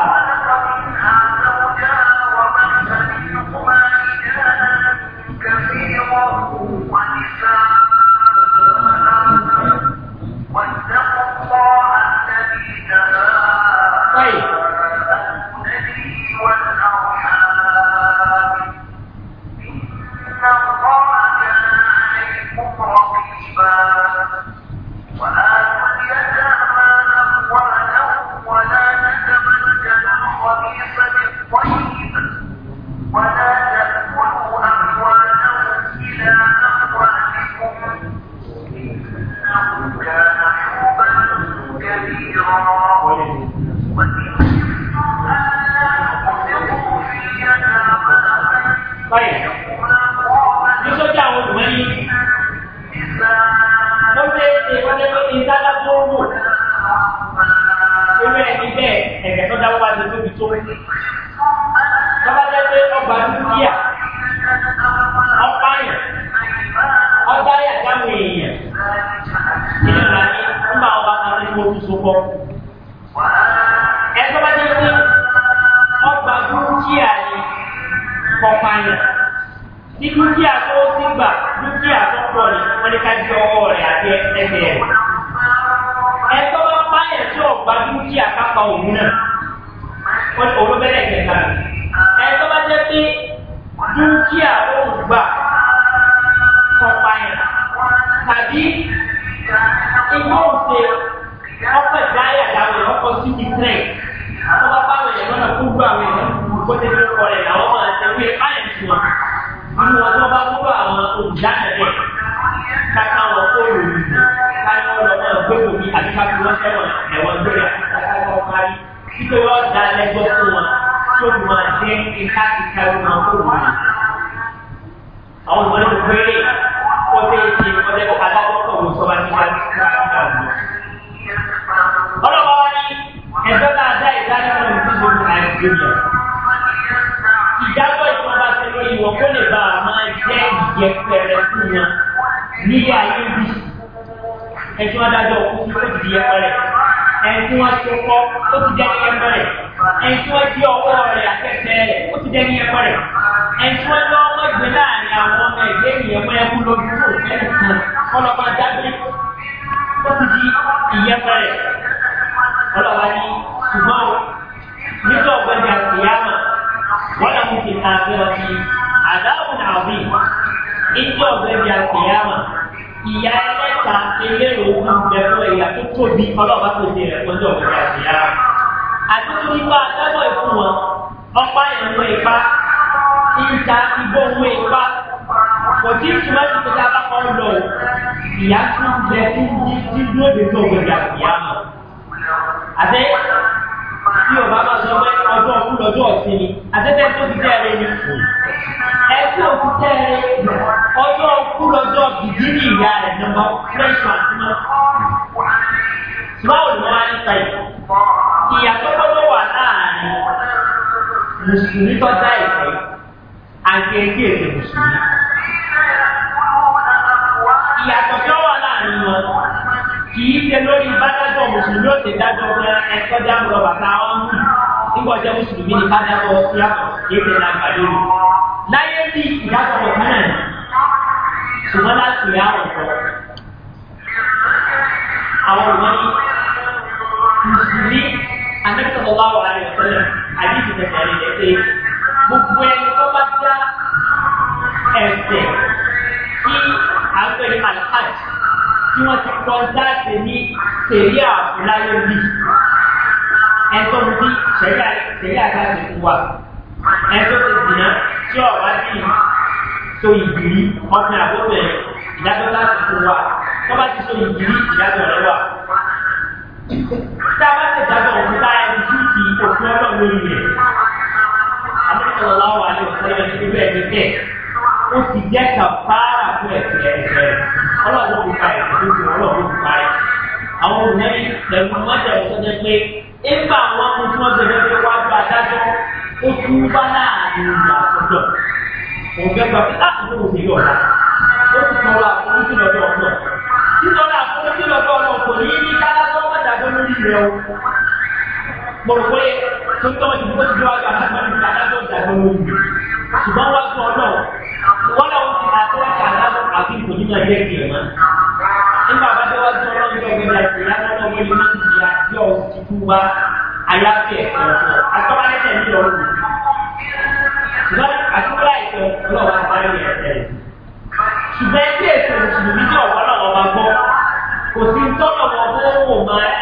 tàbí iná òde ọkọ̀ ìdáyà dáwọn ọkọ̀ síbi tẹ̀. Àwọn bá báwọn èèyàn lọ́nà kó gbọ́ àwọn èèyàn kó tẹ́ fẹ́ kọ́ rẹ̀ làwọn máa tẹ̀wé báyìí tí wọn. Nínú wọn tí wọ́n bá gbọ́ àwọn olùdásẹ̀lẹ̀ kàkà wọn kó lò ní káyọ̀ lọ náà gbé omi àti káfí wọn sẹ́wọ̀n ẹ̀wọ̀n gbére àti káfí wọn parí. Títí wọ́n da lẹ́gbọ́ fún wọn tó máa jẹ́ ìkáàkiri káyọ̀ náà kó wọ́n ìlú mọ̀. Ìjábọ̀ ìjọba ti lórí wọn kó lè bá a máa jẹ́ ìyẹpẹrẹ fún wọn nílé ayé bí. Ẹ̀sùn adájọ́ òkú ó ti di ẹpẹrẹ. Ẹ̀sùn aṣọkọ ó ti dẹ́ni ẹpẹrẹ. Ẹ̀sùn ẹtí ọwọ́ rẹ̀ àtẹ̀tẹ̀ rẹ̀ ó ti dẹ́ni ẹpẹrẹ. Ẹ̀sùn ẹtí ọmọ ìgbé láàrin àwọn ọmọ ìgbé ènìyàn mọ́ ẹkú lójú òfin kan ọlọ́pàá dábìlì ó ti di ìyẹpẹrẹ. Ọlọ́pàá ní ṣùgbọ́n nígbà ọ̀gbẹ́ni àtìyámà wọ́n náà ti ta àfihàn sí àdáhùn àbí nígbà ọ̀gbẹ́ni àtìyámà ìyá ẹlẹ́ta elérò ogun bẹ̀rù ẹ̀yà tó tóbi ọlọ́ọ̀bá tó ti rẹ̀ pọ́njọ́ ọ̀gbẹ́ni àtìyámà àti tó nípa àdábọ̀ ìfún wọn ọ̀pá ìrànwọ́ ìpá ìta ìbò òun ìpá kò tí ń túmọ̀ sí pé bá kọ́ lọ ìyá tó ń bẹ tí yorùbá máa sọ pé ọjọ́ òkú lọ́jọ́ ọ̀sìn ni àtẹ́tẹ́ tó ti tẹ́ẹ̀rẹ́ ni ẹ̀sẹ̀ òkú tẹ́ẹ̀rẹ́ ọjọ́ òkú lọ́jọ́ bìgínì ìyá rẹ̀ nọmọ fẹ́ṣọ̀ àti mọ́. báwo ni wọ́n á ń ta ìfọ̀ ìyàtọ̀ gbọ́dọ̀ wà láàrin mùsùlùmí tó dá ìfẹ́ àti ẹgbẹ́ èdè mùsùlùmí. ṣe lórí bádájọ́ mùsùlùmí òsè dájọ́ fún ẹ̀kọ́ dáhùn lọ bàtà wọn mú nígbà ọjọ́ mùsùlùmí ní bádájọ́ yàtọ̀ yéèké lágbà lórí. láyé bí ìyàtọ̀ ọ̀kan náà ni ṣùgbọ́n láti rí àwọn ọ̀pọ̀ àwọn ọ̀wọ́n ní mùsùlùmí anẹ́sọ̀tọ̀ bá wà láyé ọ̀sẹ̀ náà àdìsí tẹ̀sán ní ẹ̀sẹ̀ gbogbo ẹni tó bá dá ẹ̀sẹ̀ tí à ń pè ní àlùfáàjì tí wọ́n ti kọ́ láti ní sẹ̀ríà àfúláyé bí ẹ̀tọ́ mi bí sẹ̀ríà káàkiri fún wa ẹ̀tọ́ ti dìnnà tí ọ̀wá sí so ìdìrí ọ̀sìn àgbọ̀bẹ̀ ìdájọ́ láti fún wa tó bá ti so ìdìrí ìdájọ́ rẹ wà. tá a bá ti dájọ́ òun tá a ẹni tí kì ọlọ́run lórí rẹ̀ àmì ìṣòro láwọn àlè òṣèlú ẹni tó bẹ́ẹ̀ ní bẹ́ẹ̀ ó ti jẹ́ kàfàrà fún ẹ̀sìn ẹ̀sẹ̀ ọlọ́run ti ka ẹ̀sìn tó ti ọlọ́run ti ka ẹ̀. àwọn òmìnirí pẹ̀lú mọ́tẹ̀ ọ̀sọ́jẹ́ pé ẹgbà àwọn akọ̀tún ọ̀sẹ̀ fẹ́ wá gba adájọ́ ó tú bá láàrin ìlú àkọ́jọ́. òun fẹ́ gbà pé láti ló wòye ọ̀la ó ti tọrọ àforíjì lọ́dọ̀ ọ̀nà. títọ́lá àforíjì lọ́dọ̀ ọ̀nà kò ní ní kálákọ́ mọ́tàdọ́ lórí rẹ̀ o. mo rò pé tó tọ́ ìdúró ti dọ́ àgbà láti máa ń ta adájọ́ ìdájọ́ lórí rẹ̀. ṣùgbọ́n wá sí ọlọ́run àti kò ní máa jẹ́ tiẹ̀ mọ́. nígbà bá dẹ́wọ́ tí wọ́n ń gbẹ̀gbẹ̀ rẹ̀ kò lánàá náà wọ́n lè má ti di àjọ ìkú wa ayáfẹ́ ẹ̀kọ́ àtọ́bálẹ́tẹ̀ ní ọ̀rùn. ṣùgbọ́n àtúbọ̀lá ìfẹ́ ọlọ́wà àbáyọ̀ ẹ̀sẹ̀ rẹ̀. ṣùgbọ́n ẹgbẹ́ ètò mùsùlùmí ní ọ̀wọ́ náà wọ́n máa gbọ́. kò sí tọ́lọ̀ wọn bó wò máa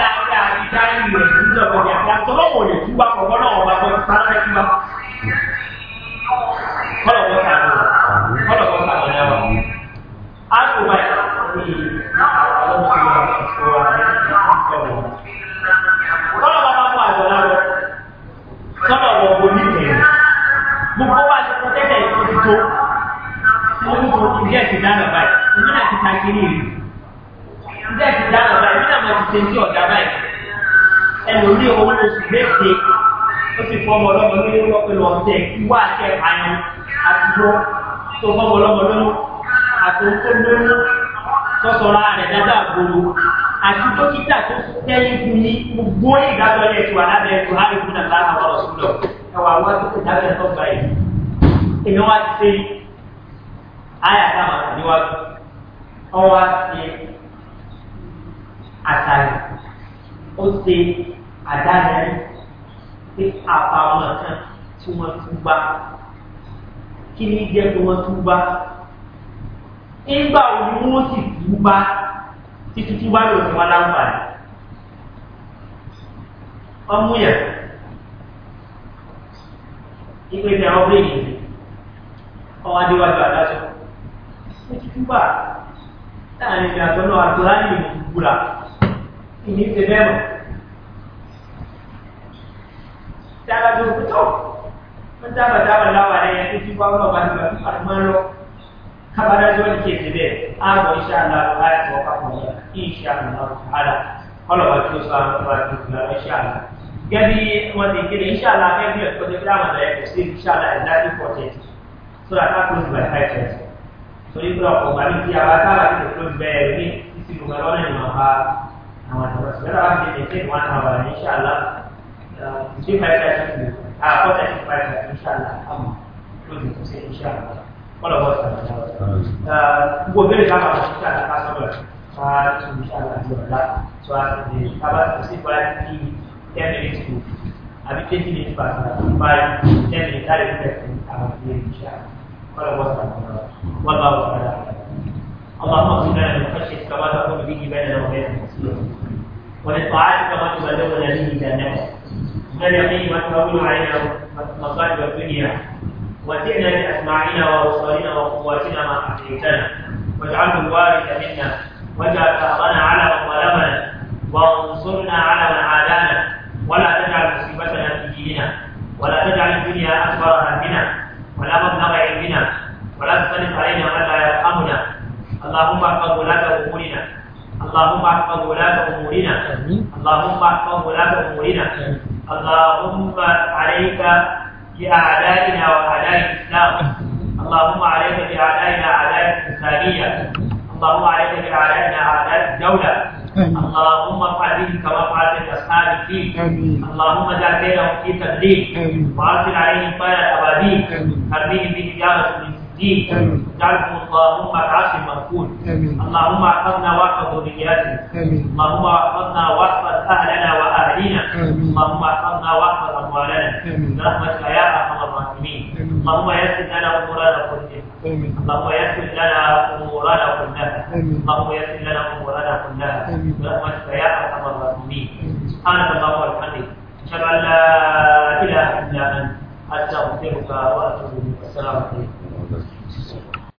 kí ní jẹ́ kí wọ́n túbá nígbà wo ni wọ́n sì túbá títí túbá yóò fi wọn láǹfààní ọmú yẹn ìpè ní àwọn bẹ́ẹ̀ yìí ọwọ́ adéwájú adájọ́ ó ti túbà láàrin ìrìn àjọ náà àti láàrin ìlú gbúra ìní ti bẹ́ẹ̀ mọ̀ tí tó tó wọ́n dábàá dábàá láwà rẹ̀ yẹn tí wọ́n lọ́wọ́ àti bàbá àdúmọ́ lọ kábàdájọ́ ní kéde bẹ́ẹ̀ ààbọ̀ iṣẹ́ aláàbọ̀ láti wọ́n papọ̀ yẹn kí iṣẹ́ aláàbọ̀ ara kọ́lọ̀wọ́ tí ó sọ àwọn ọba tó fi lọ́wọ́ iṣẹ́ àlá. gẹ́bí wọ́n ti kéde iṣẹ́ àlá ẹgbẹ́ ẹ̀kọ́ tó fi àwọn ọ̀dọ́ ẹ̀kọ́ sí iṣẹ́ àlá ìdájú pọ̀ jẹ́ so that that goes by five times. torí pé ọ̀pọ̀ gbà ní ti àwọn akára ti tó bẹ́ẹ̀ ní títí gbogbo lọ́nà ìmọ̀ọ́ba àwọn àtàwọn ṣùgbọ́n àwọn ti àkọ́tà ti parí ìgbà tó ṣàlà àmọ́ lóde tó ṣe iṣẹ́ àwọn kọ́lọ̀ bọ́ ìgbà tó ṣàlà. gbogbo bẹ́ẹ̀ ká máa ṣe ṣàlà ká sọ̀rọ̀ ká tún ṣàlà ní ọ̀la tó a ti lè kábà tó ṣe bá ní ten minutes to àbí twenty minutes per five ten minutes láti fẹ́ fún àwọn ilé iṣẹ́ kọ́lọ̀ bọ́ ìgbà wọ́n bá wọ́n padà. اللهم اغفر لنا من خشيتك ما تقول به بيننا وبين المصير ومن طاعتك ما تبلغنا به جنتك نلقي ما تهون علينا مصائب الدنيا واتعنا باسماعنا وابصارنا وقواتنا ما احييتنا واجعله الوارث منا واجعل ثارنا على من ظلمنا وانصرنا على من عادانا ولا تجعل مصيبتنا في ديننا ولا تجعل الدنيا اكبر همنا ولا مبلغ علمنا ولا تسلط علينا من لا يرحمنا اللهم احفظ ولاة امورنا اللهم احفظ ولاة امورنا اللهم احفظ ولاة امورنا اللهم عليك بأعدائنا وأعداء الإسلام اللهم عليك بأعدائنا أعداء الإنسانية اللهم عليك بأعدائنا أعداء الدولة اللهم افعل بهم كما فعلت بأصحاب الفيل اللهم اجعل بينهم في تدليل وأرسل عليهم طير أبابيل أرميهم بحجارة من دين جعلهم اللهم العافي المغفور اللهم احفظنا واحفظ ذرياتنا اللهم احفظنا واحفظ اهلنا واهلينا اللهم احفظنا واحفظ اموالنا برحمتك يا ارحم الراحمين اللهم يسر لنا امورنا كلها اللهم يسر لنا امورنا كلها اللهم يسر لنا امورنا كلها برحمتك يا ارحم الراحمين سبحانك اللهم وبحمدك اشهد ان لا اله الا انت استغفرك واتوب اليك السلام عليكم Thank you, sir.